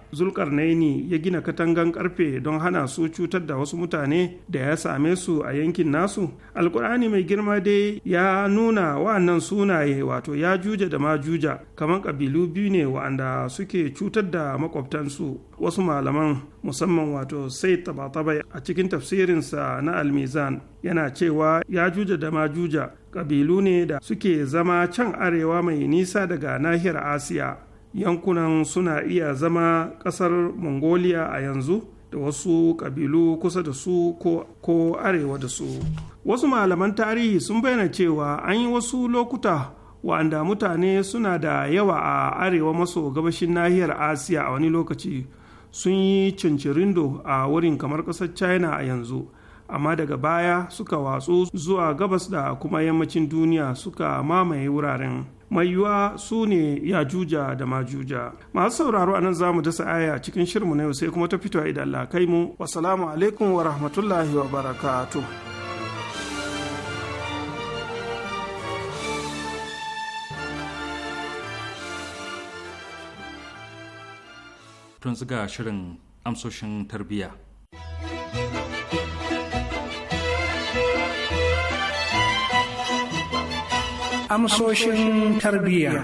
Naini ya gina katangan karfe don hana su cutar da wasu mutane da ya same su a yankin nasu alkur'ani mai girma dai ya nuna wa'annan sunaye wato ya juja da majuja kamar ƙabilu biyu ne wa'anda suke cutar da makwabtansu wasu malaman musamman wato sai tabatabai a cikin tafsirinsa na almizan yana cewa ya juja da majuja ƙabilu ne da suke zama can arewa mai nisa daga nahiyar asiya yankunan suna iya zama ƙasar mongolia a yanzu da wasu ƙabilu kusa da su ko, arewa da su wasu malaman tarihi sun bayyana cewa an yi wasu lokuta wa'anda mutane suna da yawa a arewa maso gabashin nahiyar asiya a wani lokaci sun yi cincirindo a wurin kamar ƙasar china a yanzu amma daga baya suka watsu zuwa gabas da kuma yammacin duniya suka mamaye wuraren mai yiwuwa su ne ya juja da majuja masu sauraro a nan zamu dasa aya cikin shirmu na yau sai kuma ta fito idan Allah kai mu wasalamu alaikum wa rahmatullahi wa barakatu. tun ga shirin amsoshin tarbiyya amsoshin tarbiyya.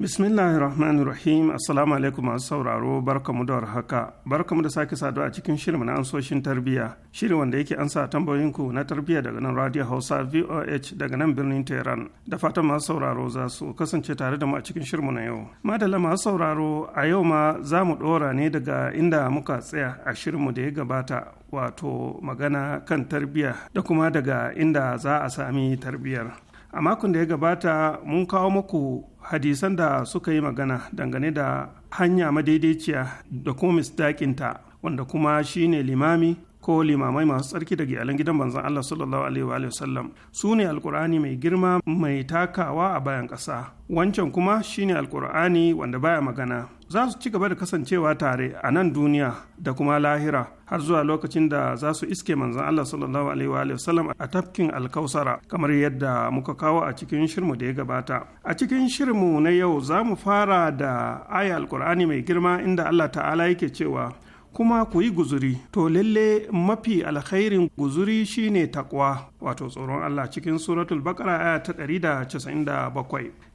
bismillahirrahmanirrahim rahim assalamu alaikum masu sauraro barkamu da warhaka barkamu da sake saduwa a cikin shirin na ansoshin tarbiyya shirin wanda yake ansa tambayoyinku na tarbiyya daga nan radio hausa voh daga nan birnin tehran da fatan masu sauraro za su kasance tare da mu a cikin shirin na yau madalla masu sauraro a yau ma za mu dora ne daga inda muka tsaya a shirin mu da ya gabata wato magana kan tarbiyya da kuma daga inda za a sami tarbiyyar a makon da ya gabata mun kawo muku hadisan da suka yi magana dangane da hanya madaidaiciya da kuma misdaƙinta wanda kuma shine limami ko limamai masu tsarki daga iyalan gidan manzon Allah sallallahu alaihi wa sallam su ne alkur'ani mai girma mai takawa a bayan ƙasa wancan kuma shine alkur'ani wanda baya magana za su ci gaba da kasancewa tare a nan duniya da kuma lahira har zuwa lokacin da za su iske manzan Allah sallallahu alaihi wa sallam a tafkin alkausara kamar yadda muka kawo a cikin shirmu da ya gabata a cikin shirmu na yau za mu fara da aya alkur'ani mai girma inda Allah ta'ala yake cewa kuma ku yi guzuri to lalle mafi alkhairin guzuri shine takwa wato tsoron Allah cikin suratul baqara aya ta 197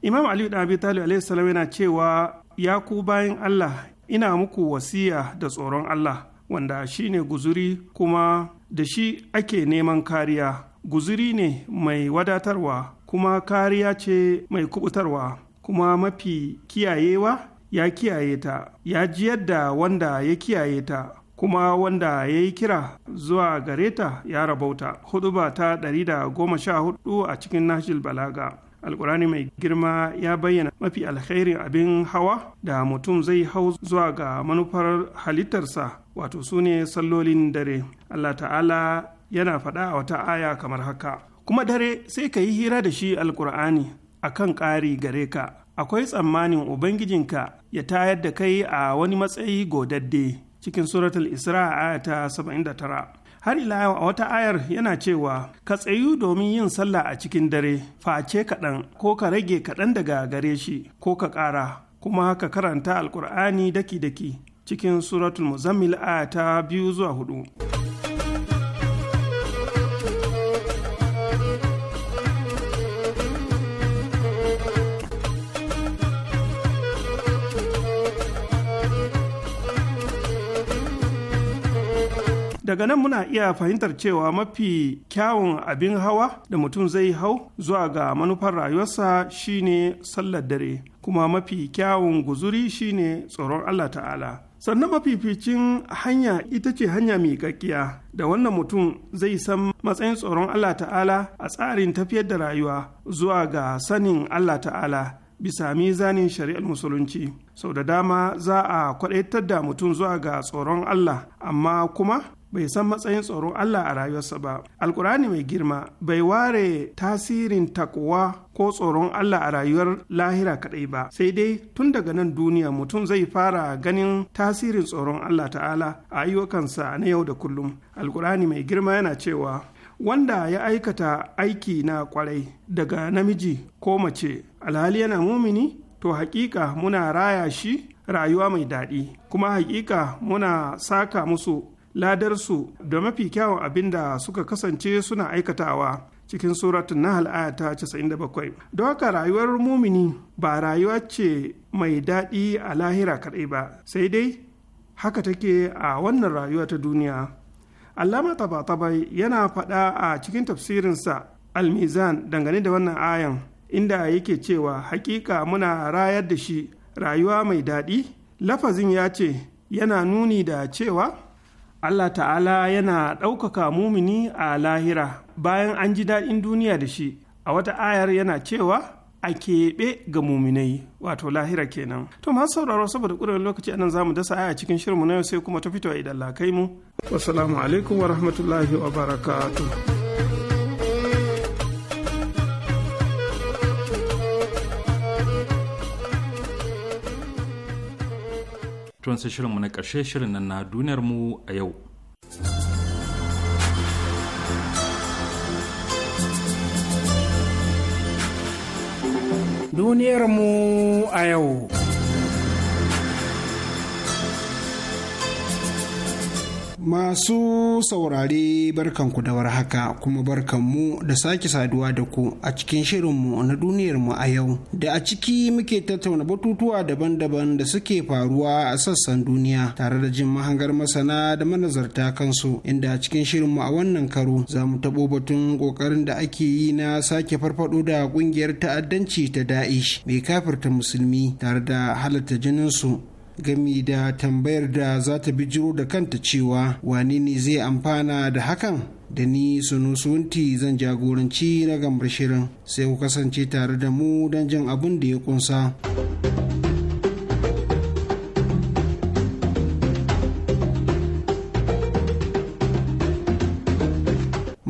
Imam Ali da Abi Talib alayhi salam yana cewa ya ku bayan Allah ina muku wasiya da tsoron Allah wanda shi ne guzuri kuma da shi ake neman kariya guzuri ne mai wadatarwa kuma kariya ce mai kubutarwa kuma mafi kiyayewa ya kiyaye ta ya ji yadda wanda ya kiyaye ta kuma wanda ya yi kira zuwa gare ta ya rabauta hudu ba ta 114 a cikin nashil balaga alkurani mai girma ya bayyana mafi alkhairin abin hawa da mutum zai hau zuwa ga manufar halittarsa wato su ne sallolin dare allah ta'ala yana faɗa a wata aya kamar haka kuma dare sai ka yi hira da shi alkur'ani a kan ƙari gare ka akwai tsammanin ubangijinka ya tayar da kai a wani matsayi godadde cikin suratul isra aya ta 79 har ila a wata ayar yana cewa ka tsayu domin yin sallah a cikin dare face kaɗan ko ka rage kaɗan daga gare shi ko ka ƙara kuma ka karanta alkur'ani daki-daki cikin suratul muzammil aya ta biyu zuwa hudu. daga nan muna iya fahimtar cewa mafi kyawun abin hawa da mutum zai hau zuwa ga manufar rayuwarsa shine sallar dare kuma mafi kyawun guzuri shine tsoron allah ta'ala sannan mafificin hanya ita ce hanya miƙaƙƙiya da wannan mutum zai san matsayin tsoron allah ta'ala a tsarin tafiyar da rayuwa zuwa ga sanin allah ta'ala bisa mizanin shari'ar musulunci sau da dama za a kwadaitar da mutum zuwa ga tsoron Allah amma kuma bai san matsayin tsoron Allah a rayuwarsa ba. Alkurani mai girma bai ware tasirin takuwa ko tsoron Allah a rayuwar lahira kaɗai ba, sai dai tun daga nan duniya mutum zai fara ganin tasirin tsoron Allah ta'ala a ayyukansa na yau da kullum. Alkurani mai girma yana cewa wanda ya aikata aiki na kwarai daga namiji ko mace alhali yana mumini to hakika muna raya shi rayuwa mai daɗi kuma hakika muna saka musu ladarsu da mafi kyawun abin da suka kasance suna aikatawa cikin suratun na aya ta 97. Don haka rayuwar mumini ba rayuwa ce mai daɗi a lahira kaɗai ba, sai dai haka take a wannan rayuwa ta duniya. Allama taba-tabai yana faɗa a cikin tafsirinsa almizan dangane da wannan ayan inda yake cewa hakika muna rayar da shi rayuwa mai daɗi lafazin ya ce yana nuni da cewa Allah ta'ala yana ɗaukaka mumini a lahira bayan an ji daɗin duniya da shi a wata ayar yana cewa a keɓe ga muminai wato lahira kenan to masu sauraro saboda ƙudurin lokaci anan zamu dasa aya cikin shirinmu na yau sai kuma ta fito idan lakai mu wassalamu alaikum wa rahmatullahi wa barakatuh tun sai shirinmu na ƙarshe shirin nan na duniyar mu a yau duniyar mu a yau Masu saurare barkanku da haka kuma barkanmu da sake saduwa da ku a cikin shirinmu na duniyarmu a yau da a ciki muke tattauna batutuwa daban-daban da suke faruwa a sassan duniya tare da jin mahangar masana da manazarta kansu inda a cikin shirin mu a wannan karo za mu taɓo batun ƙoƙarin da ake yi na sake farfaɗo da ƙungiyar ta'addanci ta Da'ish mai kafirta musulmi tare da halatta su. gami da tambayar da za ta bijiro da kanta cewa wane ne zai amfana da hakan da ni sunusunti zan jagoranci na gambar shirin sai ku kasance tare da mu don jin abin da ya kunsa.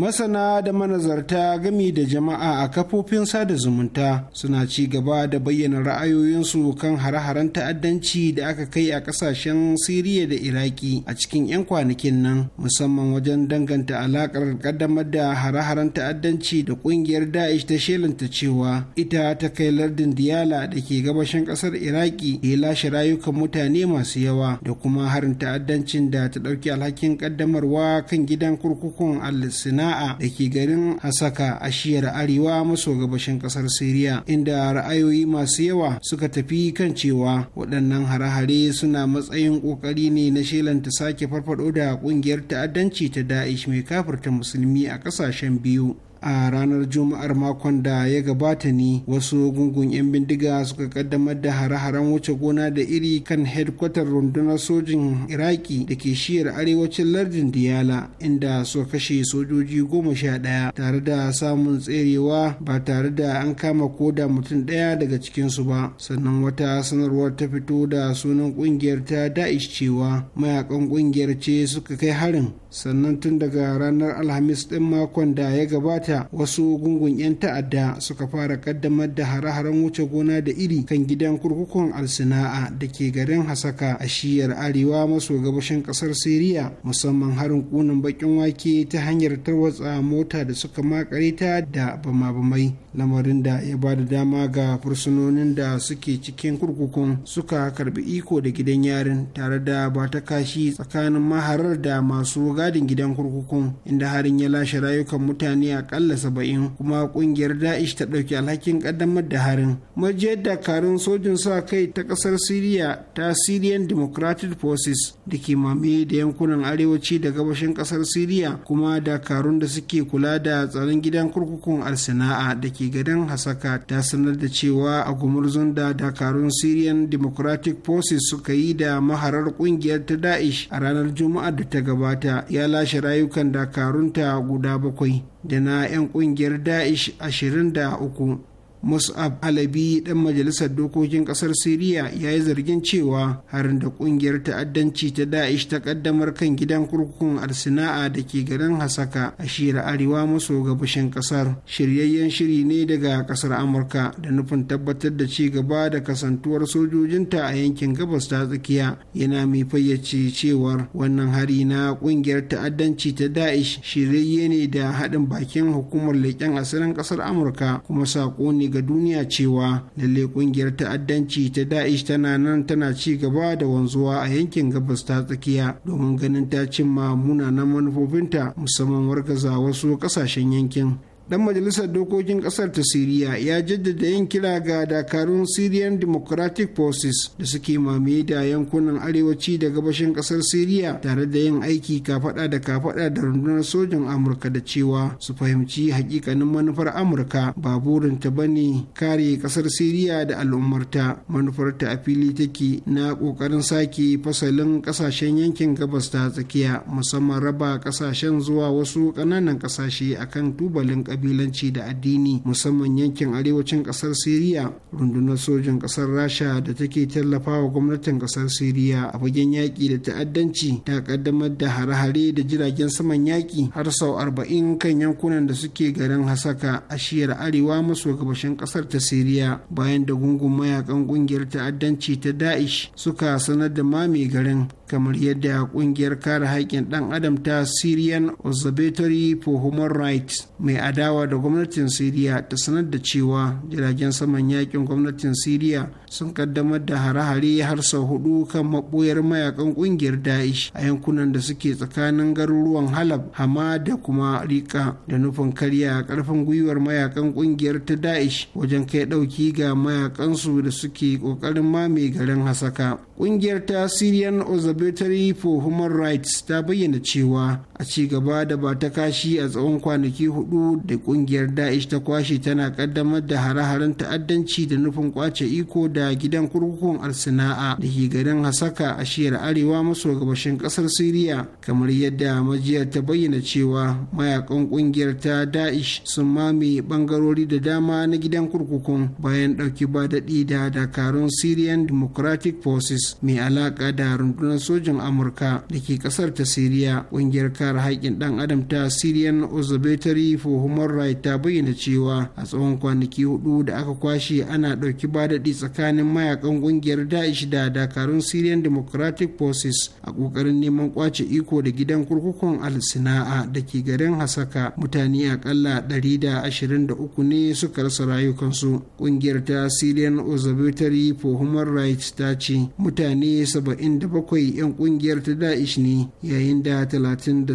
masana da manazarta gami da jama'a a kafofin sada zumunta suna ci gaba da bayyana ra'ayoyinsu kan hare-haren ta'addanci da aka kai a kasashen siriya da iraki a cikin 'yan kwanakin nan musamman wajen danganta alakar kaddamar da hare-haren ta'addanci da kungiyar da'ish ta shelanta cewa ita ta kai lardin diyala da ke gabashin kasar iraki ya lashe rayukan mutane masu yawa da kuma harin ta'addancin da ta ɗauki alhakin kaddamarwa kan gidan kurkukun al-sina sana'a da ke garin Hasaka a shiyar arewa maso gabashin kasar Siriya inda ra'ayoyi masu yawa suka tafi kan cewa waɗannan hare-hare suna matsayin ƙoƙari ne na ta sake farfaɗo da ƙungiyar ta'addanci ta Da'ish mai kafirta musulmi a ƙasashen biyu. a ranar juma'ar makon da ya gabata ne wasu gungun 'yan bindiga suka kaddamar da hare-haren wuce gona da iri kan hedkwatar rundunar sojin iraki da ke shiyar arewacin lardin diyala inda suka kashe sojoji goma sha ɗaya tare da samun tserewa ba tare da an kama ko da mutum ɗaya daga cikinsu ba sannan wata sanarwar ta fito da sunan kungiyar ta da'ish cewa mayakan ƙungiyar ce suka kai harin sannan tun daga ranar alhamis ɗin makon da ya gabata ta wasu gungun 'yan ta'adda suka fara kaddamar da hare-haren wuce gona da iri kan gidan kurkukun alsina'a da ke garin hasaka a shiyar arewa maso gabashin kasar siriya musamman harin kunan bakin wake ta hanyar tarwatsa mota da suka makare ta da bama-bamai lamarin da ya ba da dama ga fursunonin da suke cikin kurkukun suka karbi iko da gidan yarin tare da ba ta kashi tsakanin maharar da masu gadin gidan kurkukun inda harin ya lashe rayukan mutane akalla saba'in kuma kungiyar da'ish ta ɗauki alhakin ƙaddamar da harin majiyar dakarun sojin sa kai ta ƙasar siriya ta syrian democratic forces da ke mame da yankunan arewaci da gabashin ƙasar siriya kuma da karun da suke kula da tsaron gidan kurkukun arsana'a da ke ke gadon hasaka ta sanar da cewa a gumurzun da dakarun syrian democratic forces suka yi da maharar kungiyar ta da'ish a ranar juma'a da ta gabata ya lashe rayukan dakarunta guda bakwai da na 'yan kungiyar da'ish ashirin da uku mus'ab alabi dan majalisar dokokin kasar siriya ya yi zargin cewa harin da kungiyar ta'addanci ta da'ish ta kaddamar kan gidan kurkukun arsina'a da ke garin hasaka a shira arewa maso gabashin kasar shiryayyen shiri ne daga kasar amurka da nufin tabbatar da ci gaba da kasantuwar sojojinta a yankin gabas ta tsakiya yana mai fayyace cewar wannan hari na kungiyar ta'addanci ta da'ish shiryayye ne da haɗin bakin hukumar leƙen asirin kasar amurka kuma saƙo ne ga duniya cewa lalle kungiyar ta'addanci ta da'ish tana nan tana ci gaba da wanzuwa a yankin gabas ta tsakiya domin ganin ta cimma munanan manufofinta musamman wargaza wasu kasashen yankin dan majalisar dokokin kasar ta siriya ya jaddada yin kira ga dakarun syrian democratic forces da suke mamaye da yankunan arewaci da gabashin kasar siriya tare da yin aiki kafada da kafada da rundunar sojin amurka da cewa su fahimci hakikanin manufar amurka ba burinta ba ne kare kasar siriya da al'ummarta manufarta a fili take na kokarin sake fasalin kasashen yankin gabas ta tsakiya musamman raba kasashen zuwa wasu ƙananan kasashe akan tubalin kabilanci da addini musamman yankin arewacin kasar siriya rundunar sojin kasar rasha da take tallafawa gwamnatin kasar siriya a fagen yaƙi da ta'addanci ta kaddamar da hare-hare da jiragen saman yaƙi har sau arba'in kan yankunan da suke garin hasaka a shiyar arewa maso gabashin kasar ta siriya bayan da gungun mayakan kungiyar ta'addanci ta da'ish suka sanar da mame garin kamar yadda kungiyar kare haƙƙin ɗan adam ta syrian observatory for human rights mai adawa da gwamnatin syria ta sanar da cewa jiragen saman yakin gwamnatin syria sun kaddamar da hare-hare har sau hudu kan maɓoyar mayakan ƙungiyar da'ish a yankunan da suke tsakanin garuruwan halab hama da kuma rika da nufin karya ƙarfin gwiwar mayakan ƙungiyar ta da'ish wajen kai ɗauki ga mayakansu da suke ƙoƙarin mame garin hasaka ƙungiyar ta syrian observatory for human rights ta bayyana cewa a ci gaba da ba ta kashi a tsawon kwanaki hudu da ƙungiyar da'ish ta kwashe tana kaddamar da hare-haren ta'addanci da nufin kwace iko da da gidan kurkukun alsina'a da ke garin hasaka a shiyar arewa maso gabashin kasar siriya kamar yadda majiyar ta bayyana cewa mayakan kungiyar ta da'ish sun mame bangarori da dama na gidan kurkukun bayan ɗauki ba daɗi da dakarun syrian democratic forces mai alaka da rundunar sojin amurka da ke kasar ta siriya kungiyar kare haƙƙin ɗan adam ta syrian observatory for human rights ta bayyana cewa a tsawon kwanaki hudu da aka kwashe ana ɗauki ba daɗi tsakanin tsakanin mayakan kungiyar daesh da dakarun syrian democratic forces a kokarin neman kwace iko da gidan kurkukun al-sina'a da ke garin hasaka mutane akalla 123 ne suka rasa rayukansu kungiyar ta syrian observatory for human rights ta ce mutane 77 'yan kungiyar ta daesh ne yayin da 39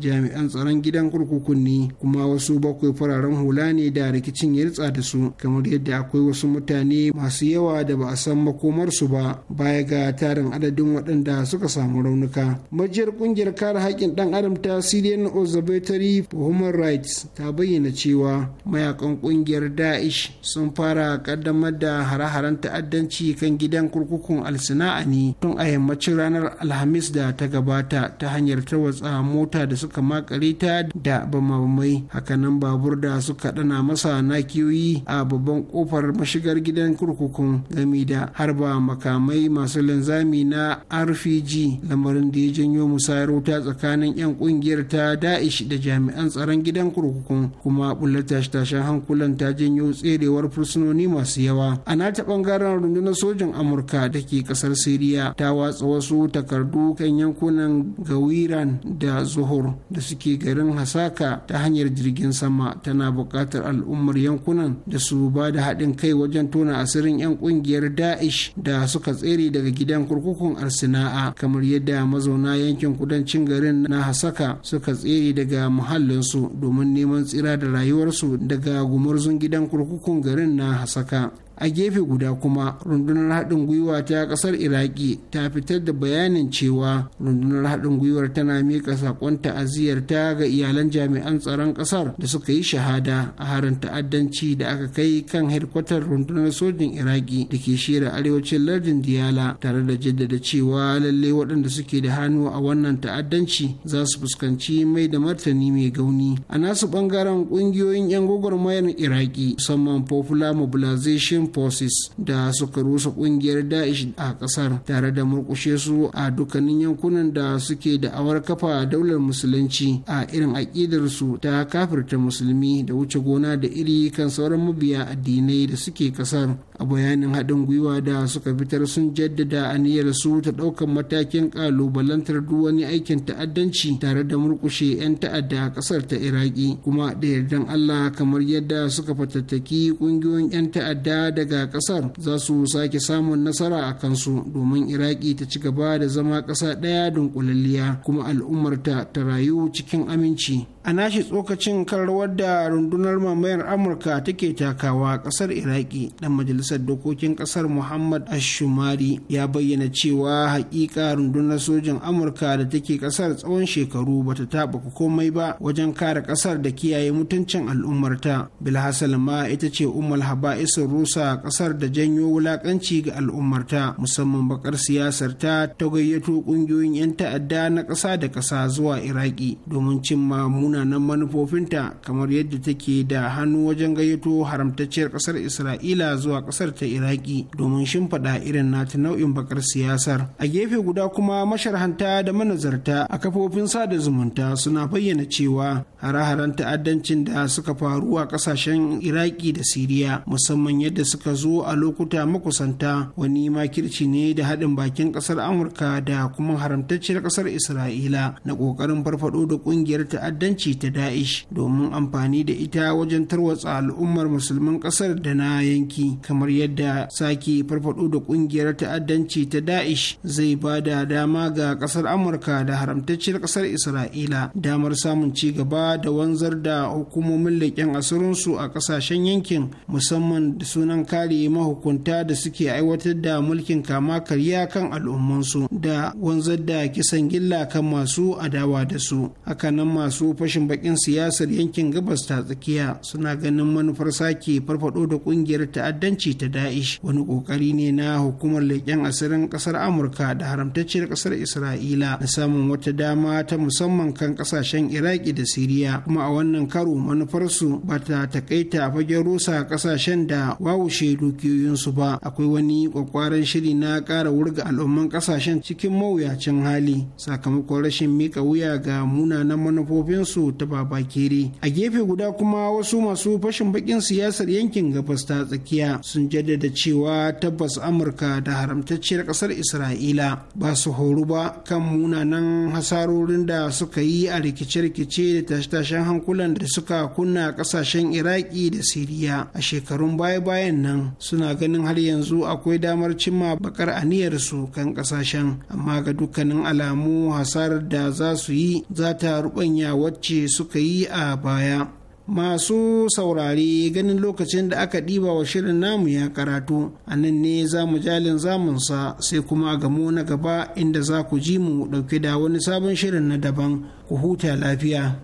jami'an tsaron gidan kurkukun ne kuma wasu bakwai fararen hula ne da rikicin ya ritsa da su kamar yadda akwai wasu mutane masu yawa yawa da ba a san makomarsu ba baya ga tarin adadin waɗanda suka samu raunuka majiyar ƙungiyar kare haƙƙin ɗan adam ta syrian observatory for human rights ta bayyana cewa mayakan ƙungiyar daesh sun fara ƙaddamar da hare-haren ta'addanci kan gidan kurkukun alsina'a ne tun a yammacin ranar alhamis da ta gabata ta hanyar tarwatsa mota da suka makare ta da bamabamai hakanan babur da suka ɗana masa nakiyoyi a babban kofar mashigar gidan kurkukun tekun gami da harba makamai masu linzami na rpg lamarin da ya janyo musayar wuta tsakanin 'yan kungiyar ta da'ish da jami'an tsaron gidan kurkukun kuma bullar tashe-tashen hankulan ta janyo tserewar fursunoni masu yawa a nata bangaren rundunar sojin amurka da ke kasar siriya ta watsa wasu takardu kan yankunan gawiran da zuhur da suke garin hasaka ta hanyar jirgin sama tana buƙatar al'ummar yankunan da su ba da haɗin kai wajen tona asirin 'yan kungiyar da'ish da suka tsere daga gidan kurkukun arsina'a kamar yadda mazauna yankin kudancin garin na hasaka suka tsere daga muhallinsu domin neman tsira da rayuwarsu daga gumurzun gidan kurkukun garin na hasaka a gefe guda kuma rundunar haɗin gwiwa ta ƙasar iraki ta fitar da bayanin cewa rundunar haɗin gwiwar tana miƙa saƙon ta'aziyyar ta ga iyalan jami'an tsaron ƙasar da suka yi shahada a harin ta'addanci da aka kai kan hedkwatar rundunar sojin iraki da ke shira arewacin lardin diyala tare da jaddada cewa lalle waɗanda suke da hannu a wannan ta'addanci za su fuskanci mai da martani mai gauni a nasu ɓangaren ƙungiyoyin 'yan gwagwarmayar iraki musamman popular mobilization Forces da suka rusa kungiyar Daesh a kasar tare da murkushe su a dukkanin yankunan da suke da awar kafa daular musulunci a irin aƙidar su ta kafirta musulmi da wuce gona da iri kan sauran mabiya addinai da suke kasar a bayanin haɗin gwiwa da suka fitar sun jaddada aniyar su ta ɗaukan matakin ƙalubalantar duk wani aikin ta'addanci tare da murkushe 'yan ta'adda a ƙasar ta iraki kuma da yardan allah kamar yadda suka fatattaki ƙungiyoyin 'yan ta'adda daga kasar za su sake samun nasara a kansu domin iraki ta ci gaba da zama ƙasa ɗaya dunkulalliya kuma al'ummarta ta rayu cikin aminci a nashi tsokacin kan rawar da rundunar mamayar amurka take takawa kasar iraki dan majalisar dokokin kasar muhammad ashumari ya bayyana cewa hakika rundunar sojin amurka da take kasar tsawon shekaru bata taba komai ba wajen kare kasar da kiyaye mutuncin al'ummarta bilhassan ma ita ce umar haba'isin rusa kasar da janyo wulakanci ga al'ummarta musamman bakar siyasar ta ta gayyato kungiyoyin 'yan ta'adda na kasa da kasa zuwa iraki domin cimma muna munanan manufofinta kamar yadda take da hannu wajen gayyato haramtacciyar kasar isra'ila zuwa kasar ta iraki domin shimfiɗa irin nata nau'in bakar siyasar a gefe guda kuma masharhanta da manazarta a kafofin sada zumunta suna bayyana cewa hare-haren ta'addancin da suka faru a ƙasashen iraki da siriya musamman yadda suka zo a lokuta makusanta wani makirci ne da haɗin bakin kasar amurka da kuma haramtacciyar kasar isra'ila na ƙoƙarin farfaɗo da ƙungiyar ta'addanci ce ta da'ish domin amfani da ita wajen tarwatsa al'ummar musulmin ƙasar da na yanki kamar yadda sake farfado da ƙungiyar ta'addanci ta da'ish zai ba da dama ga ƙasar amurka da haramtacciyar ƙasar isra'ila damar samun ci gaba da wanzar da hukumomin leƙen asirinsu a ƙasashen yankin musamman da sunan kare mahukunta da suke aiwatar da mulkin kama karya kan al'ummansu da wanzar da kisan gilla kan masu adawa da su hakanan masu fashin bakin siyasar yankin gabas ta tsakiya suna ganin manufar sake farfado da kungiyar ta'addanci ta da'ish wani kokari ne na hukumar leƙen asirin ƙasar amurka da haramtacciyar ƙasar isra'ila na samun wata dama ta musamman kan ƙasashen iraki da siriya kuma a wannan karo manufarsu ba ta takaita fagen rusa ƙasashen da wawushe dukiyoyinsu ba akwai wani kwakwaran shiri na ƙara wurga al'umman ƙasashen cikin mawuyacin hali sakamakon rashin mika wuya ga munanan manufofinsu su ta babakere a gefe guda kuma wasu masu fashin bakin siyasar yankin gabas ta tsakiya sun jaddada cewa tabbas amurka da haramtacciyar kasar isra'ila ba su horu ba kan munanan hasarorin da suka yi a rikice-rikice da tashe-tashen hankulan da suka kunna kasashen iraki da siriya a shekarun baya-bayan nan suna ganin har yanzu akwai damar cimma bakar su kan kasashen amma ga dukkanin alamu hasarar da za su yi za ta rubanya wacce ce suka yi a baya masu saurari ganin lokacin da aka ɗiba wa shirin namu ya karatu a nan ne za mu jalin zamunsa sai kuma a gamo na gaba inda za ku ji mu ɗauke da wani sabon shirin na daban ku huta lafiya.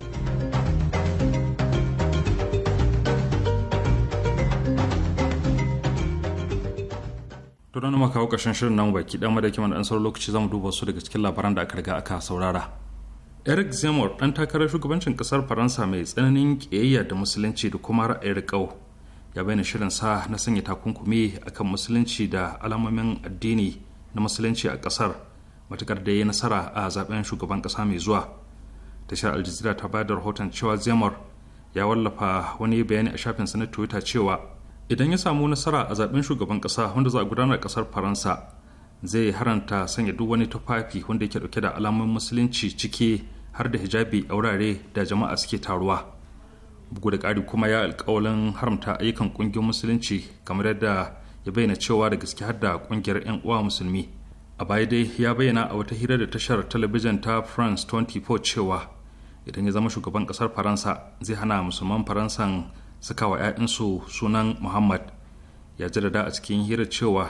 Turan maka kawo ƙarshen shirin nan baki ɗan madaki mana ɗan saurin lokaci zamu duba su daga cikin labaran da aka riga aka saurara. eric zemmour ɗan takarar shugabancin ƙasar faransa mai tsananin ƙiyayya da musulunci da kuma ra'ayin riƙau ya bayyana shirin sa na sanya takunkumi akan musulunci da alamomin addini na musulunci a ƙasar matuƙar da ya nasara a zaben shugaban ƙasa mai zuwa tashar aljazira ta bayar da rahoton cewa zemmour ya wallafa wani bayani a shafinsa na twitter cewa idan ya samu nasara a zaben shugaban ƙasa wanda za a gudanar ƙasar faransa zai haranta sanya duk wani tufafi wanda yake dauke da alamomin musulunci ciki har da hijabi a wurare da jama'a suke taruwa bugu da ƙari kuma ya alƙawalin haramta ayyukan ƙungiyar musulunci kamar yadda ya bayyana cewa da gaske har da ƙungiyar 'yan uwa musulmi a baya dai ya bayyana a wata hira da tashar talabijin ta france 24 cewa idan ya zama shugaban ƙasar faransa zai hana musulman faransan saka wa 'ya'yansu sunan muhammad ya jaddada a cikin hirar cewa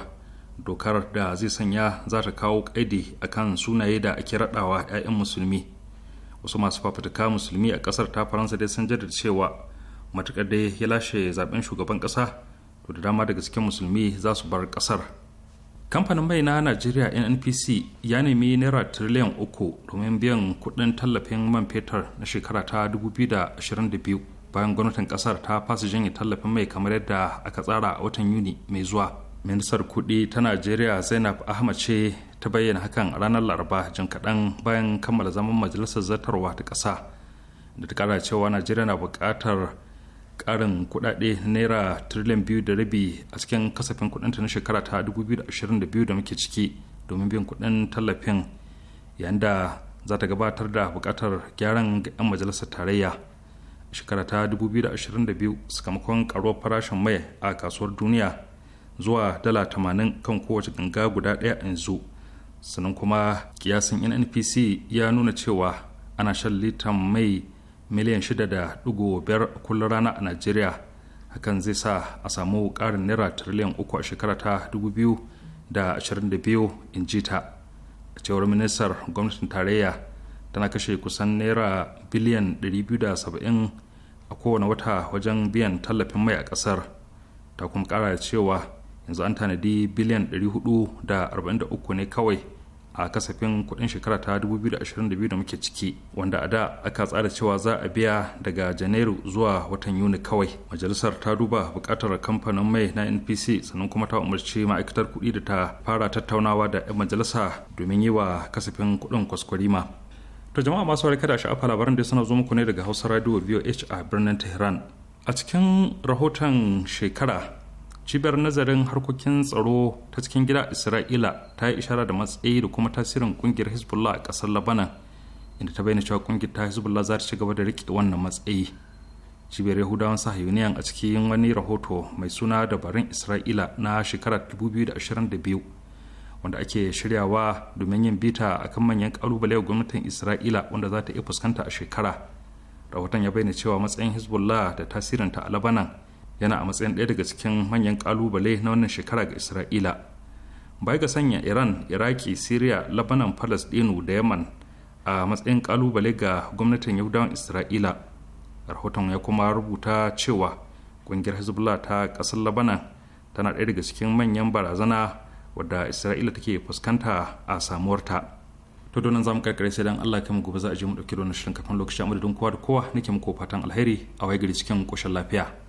dokar da zai sanya za ta kawo ƙaidi akan sunaye da ake raɗawa 'ya'yan musulmi wasu masu fafutuka musulmi a kasar ta faransa dai sun jaddada cewa matukar dai ya lashe zaben shugaban kasa to da dama daga cikin musulmi za su bar kasar kamfanin mai na najeriya nnpc ya nemi naira tiriliyan uku domin biyan kudin tallafin man fetur na shekara ta 2022 bayan gwamnatin kasar ta fasa janye tallafin mai kamar yadda aka tsara a watan yuni mai zuwa ministar kudi ta najeriya zainab ahmad ce ta bayyana hakan a ranar laraba jin kaɗan bayan kammala zaman majalisar zartarwa ta ƙasa da ta kara cewa najeriya na buƙatar ƙarin kuɗaɗe naira trillion biyu da rabi a cikin kasafin kuɗinta na shekara ta 2022 da muke ciki domin biyan kuɗin tallafin yayin da za ta gabatar da bukatar gyaran ga 'yan majalisar tarayya shekara ta 2022 sakamakon karuwar farashin mai a kasuwar duniya zuwa dala tamanin kan kowace ganga guda ɗaya yanzu sannan kuma kiyasin nnpc ya nuna cewa ana shan litan mai miliyan 6.5 kullum rana a najeriya hakan zai sa a samu karin naira triliyan uku a shekara ta 2022 in ji ta a cewar ministar gwamnatin tarayya tana kashe kusan naira biliyan 270 a kowane wata wajen biyan tallafin mai a ƙasar ta kuma ƙara cewa yanzu an tanadi biliyan 443 ne kawai a kasafin kudin shekara ta 2022 da muke ciki wanda a da aka tsara cewa za a biya daga janairu zuwa watan yuni kawai majalisar ta duba bukatar kamfanin mai na npc sannan kuma ta umarci ma'aikatar kudi da ta fara tattaunawa da 'yan majalisa domin yi wa kasafin kudin kwaskwarima to jama'a masu warkar da sha'afa labaran da suna zo muku ne daga hausa radio voh a birnin tehran a cikin rahoton shekara cibiyar nazarin harkokin tsaro ta cikin gida isra'ila ta yi ishara da matsayi da kuma tasirin kungiyar hezbollah a kasar labanan inda ta bayyana cewa kungiyar ta hezbollah za ta ci gaba da rike wannan matsayi cibiyar yahudawan sa union a cikin wani rahoto mai suna dabarun isra'ila na shekarar 2022 wanda ake shiryawa domin yin bita akan manyan kalubale gwamnatin isra'ila wanda za ta iya fuskanta a shekara rahoton ya bayyana cewa matsayin hezbollah da tasirinta a labanan yana a matsayin ɗaya daga cikin manyan ƙalubale na wannan shekara ga isra'ila bai ga sanya iran iraki syria labanan ɗinu da yaman a matsayin ƙalubale ga gwamnatin yahudawan isra'ila rahoton ya kuma rubuta cewa ƙungiyar hezbollah ta ƙasar labanan tana ɗaya daga cikin manyan barazana wadda isra'ila take fuskanta a samuwarta to donan zamu karkare sai dan Allah mu gobe za a je mu dauki don shirin kafin lokaci amma da kowa da kowa nake muku fatan alheri a wai gari cikin koshin lafiya